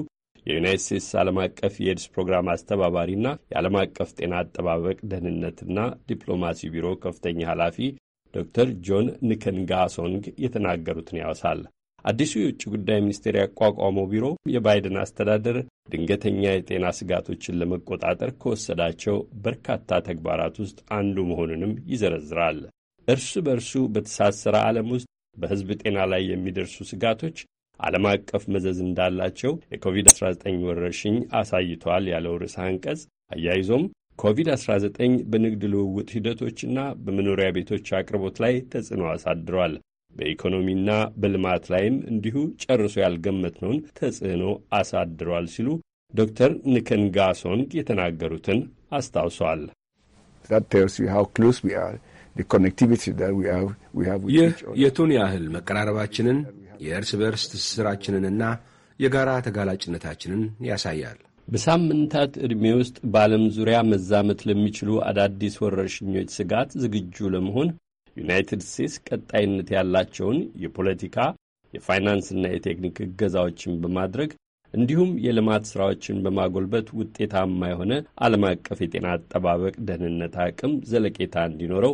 የዩናይት ስቴትስ ዓለም አቀፍ የኤድስ ፕሮግራም አስተባባሪና የዓለም አቀፍ ጤና አጠባበቅ ደህንነትና ዲፕሎማሲ ቢሮ ከፍተኛ ኃላፊ ዶክተር ጆን ንከንጋሶንግ የተናገሩትን ያወሳል። አዲሱ የውጭ ጉዳይ ሚኒስቴር ያቋቋመው ቢሮ የባይደን አስተዳደር ድንገተኛ የጤና ስጋቶችን ለመቆጣጠር ከወሰዳቸው በርካታ ተግባራት ውስጥ አንዱ መሆኑንም ይዘረዝራል። እርስ በርሱ በተሳሰረ ዓለም ውስጥ በሕዝብ ጤና ላይ የሚደርሱ ስጋቶች ዓለም አቀፍ መዘዝ እንዳላቸው የኮቪድ-19 ወረርሽኝ አሳይቷል ያለው ርዕሰ አንቀጽ አያይዞም ኮቪድ-19 በንግድ ልውውጥ ሂደቶችና በመኖሪያ ቤቶች አቅርቦት ላይ ተጽዕኖ አሳድሯል። በኢኮኖሚና በልማት ላይም እንዲሁ ጨርሶ ያልገመትነውን ተጽዕኖ አሳድሯል ሲሉ ዶክተር ንከንጋሶንግ የተናገሩትን አስታውሷል። ይህ የቱን ያህል መቀራረባችንን የእርስ በርስ ትስስራችንንና የጋራ ተጋላጭነታችንን ያሳያል። በሳምንታት ዕድሜ ውስጥ በዓለም ዙሪያ መዛመት ለሚችሉ አዳዲስ ወረርሽኞች ስጋት ዝግጁ ለመሆን ዩናይትድ ስቴትስ ቀጣይነት ያላቸውን የፖለቲካ የፋይናንስና የቴክኒክ እገዛዎችን በማድረግ እንዲሁም የልማት ሥራዎችን በማጎልበት ውጤታማ የሆነ ዓለም አቀፍ የጤና አጠባበቅ ደህንነት አቅም ዘለቄታ እንዲኖረው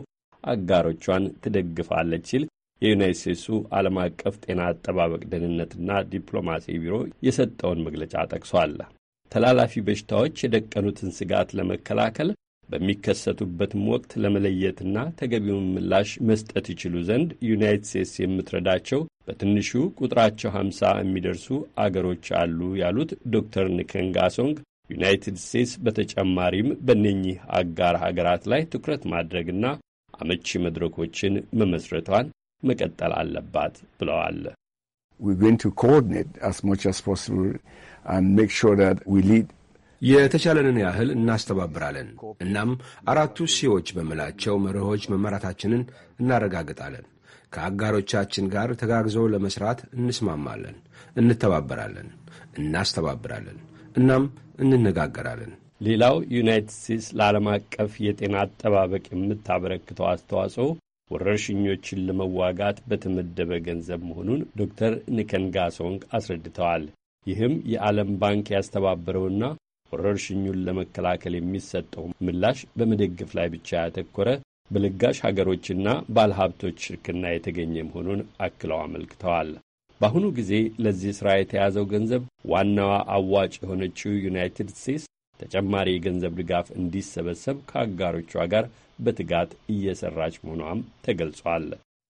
አጋሮቿን ትደግፋለች ሲል የዩናይት ስቴትሱ ዓለም አቀፍ ጤና አጠባበቅ ደህንነትና ዲፕሎማሲ ቢሮ የሰጠውን መግለጫ ጠቅሷል። ተላላፊ በሽታዎች የደቀኑትን ስጋት ለመከላከል በሚከሰቱበትም ወቅት ለመለየትና ተገቢውን ምላሽ መስጠት ይችሉ ዘንድ ዩናይትድ ስቴትስ የምትረዳቸው በትንሹ ቁጥራቸው ሀምሳ የሚደርሱ አገሮች አሉ ያሉት ዶክተር ንከንጋሶንግ ዩናይትድ ስቴትስ በተጨማሪም በእነኚህ አጋር ሀገራት ላይ ትኩረት ማድረግና አመቺ መድረኮችን መመስረቷን መቀጠል አለባት ብለዋል። We're going to coordinate as much as possible and make sure that we lead የተቻለንን ያህል እናስተባብራለን። እናም አራቱ ሲዎች በምላቸው መርሆች መመራታችንን እናረጋግጣለን። ከአጋሮቻችን ጋር ተጋግዞ ለመስራት እንስማማለን፣ እንተባበራለን፣ እናስተባብራለን፣ እናም እንነጋገራለን። ሌላው ዩናይትድ ስቴትስ ለዓለም አቀፍ የጤና አጠባበቅ የምታበረክተው አስተዋጽኦ ወረርሽኞችን ለመዋጋት በተመደበ ገንዘብ መሆኑን ዶክተር ንከንጋ ሶንግ አስረድተዋል። ይህም የዓለም ባንክ ያስተባበረውና ወረርሽኙን ለመከላከል የሚሰጠው ምላሽ በመደገፍ ላይ ብቻ ያተኮረ በለጋሽ ሀገሮችና ባለሀብቶች ሽርክና የተገኘ መሆኑን አክለው አመልክተዋል። በአሁኑ ጊዜ ለዚህ ሥራ የተያዘው ገንዘብ ዋናዋ አዋጭ የሆነችው ዩናይትድ ስቴትስ ተጨማሪ የገንዘብ ድጋፍ እንዲሰበሰብ ከአጋሮቿ ጋር በትጋት እየሰራች መሆኗም ተገልጿል።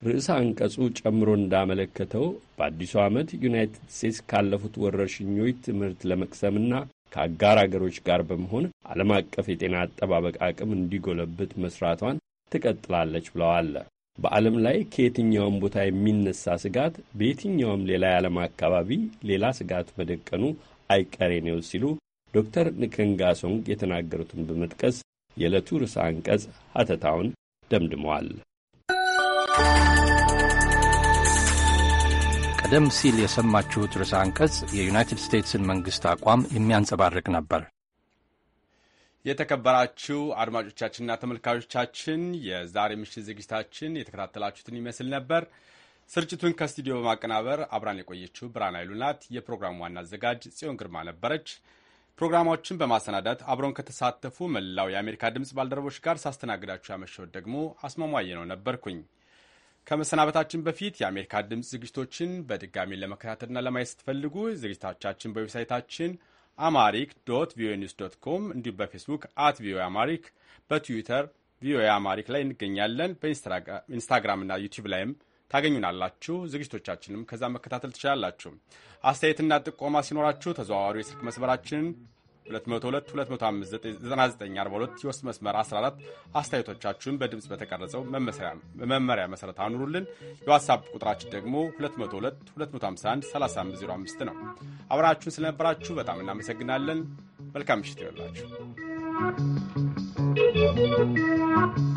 ርዕሰ አንቀጹ ጨምሮ እንዳመለከተው በአዲሱ ዓመት ዩናይትድ ስቴትስ ካለፉት ወረርሽኞች ትምህርት ለመቅሰምና ከአጋር አገሮች ጋር በመሆን ዓለም አቀፍ የጤና አጠባበቅ አቅም እንዲጎለብት መስራቷን ትቀጥላለች ብለዋል። በዓለም ላይ ከየትኛውም ቦታ የሚነሳ ስጋት በየትኛውም ሌላ የዓለም አካባቢ ሌላ ስጋት መደቀኑ አይቀሬ ነው ሲሉ ዶክተር ንክንጋሶንግ የተናገሩትን በመጥቀስ የዕለቱ ርዕሰ አንቀጽ ሀተታውን ደምድመዋል። ቀደም ሲል የሰማችሁት ርዕሰ አንቀጽ የዩናይትድ ስቴትስን መንግሥት አቋም የሚያንጸባርቅ ነበር። የተከበራችሁ አድማጮቻችንና ተመልካቾቻችን የዛሬ ምሽት ዝግጅታችን የተከታተላችሁትን ይመስል ነበር። ስርጭቱን ከስቱዲዮ በማቀናበር አብራን የቆየችው ብርሃን ኃይሉ ናት። የፕሮግራሙ ዋና አዘጋጅ ጽዮን ግርማ ነበረች። ፕሮግራማችን በማሰናዳት አብረን ከተሳተፉ መላው የአሜሪካ ድምፅ ባልደረቦች ጋር ሳስተናግዳችሁ ያመሸሁት ደግሞ አስማማየ ነው ነበርኩኝ። ከመሰናበታችን በፊት የአሜሪካ ድምፅ ዝግጅቶችን በድጋሚ ለመከታተልና ለማየት ስትፈልጉ ዝግጅቶቻችን በዌብሳይታችን አማሪክ ዶት ቪኦኤ ኒውስ ዶት ኮም እንዲሁም በፌስቡክ አት ቪኦኤ አማሪክ በትዊተር ቪኦኤ አማሪክ ላይ እንገኛለን። በኢንስታግራምና ዩቲዩብ ላይም ታገኙናላችሁ። ዝግጅቶቻችንም ከዛ መከታተል ትችላላችሁ። አስተያየትና ጥቆማ ሲኖራችሁ ተዘዋዋሪ የስልክ መስመራችንን 222 የውስጥ መስመር 14 አስተያየቶቻችሁን በድምፅ በተቀረጸው መመሪያ መሰረት አኑሩልን። የዋትሳፕ ቁጥራችን ደግሞ 222 ነው። አብራችሁን ስለነበራችሁ በጣም እናመሰግናለን። መልካም ምሽት you.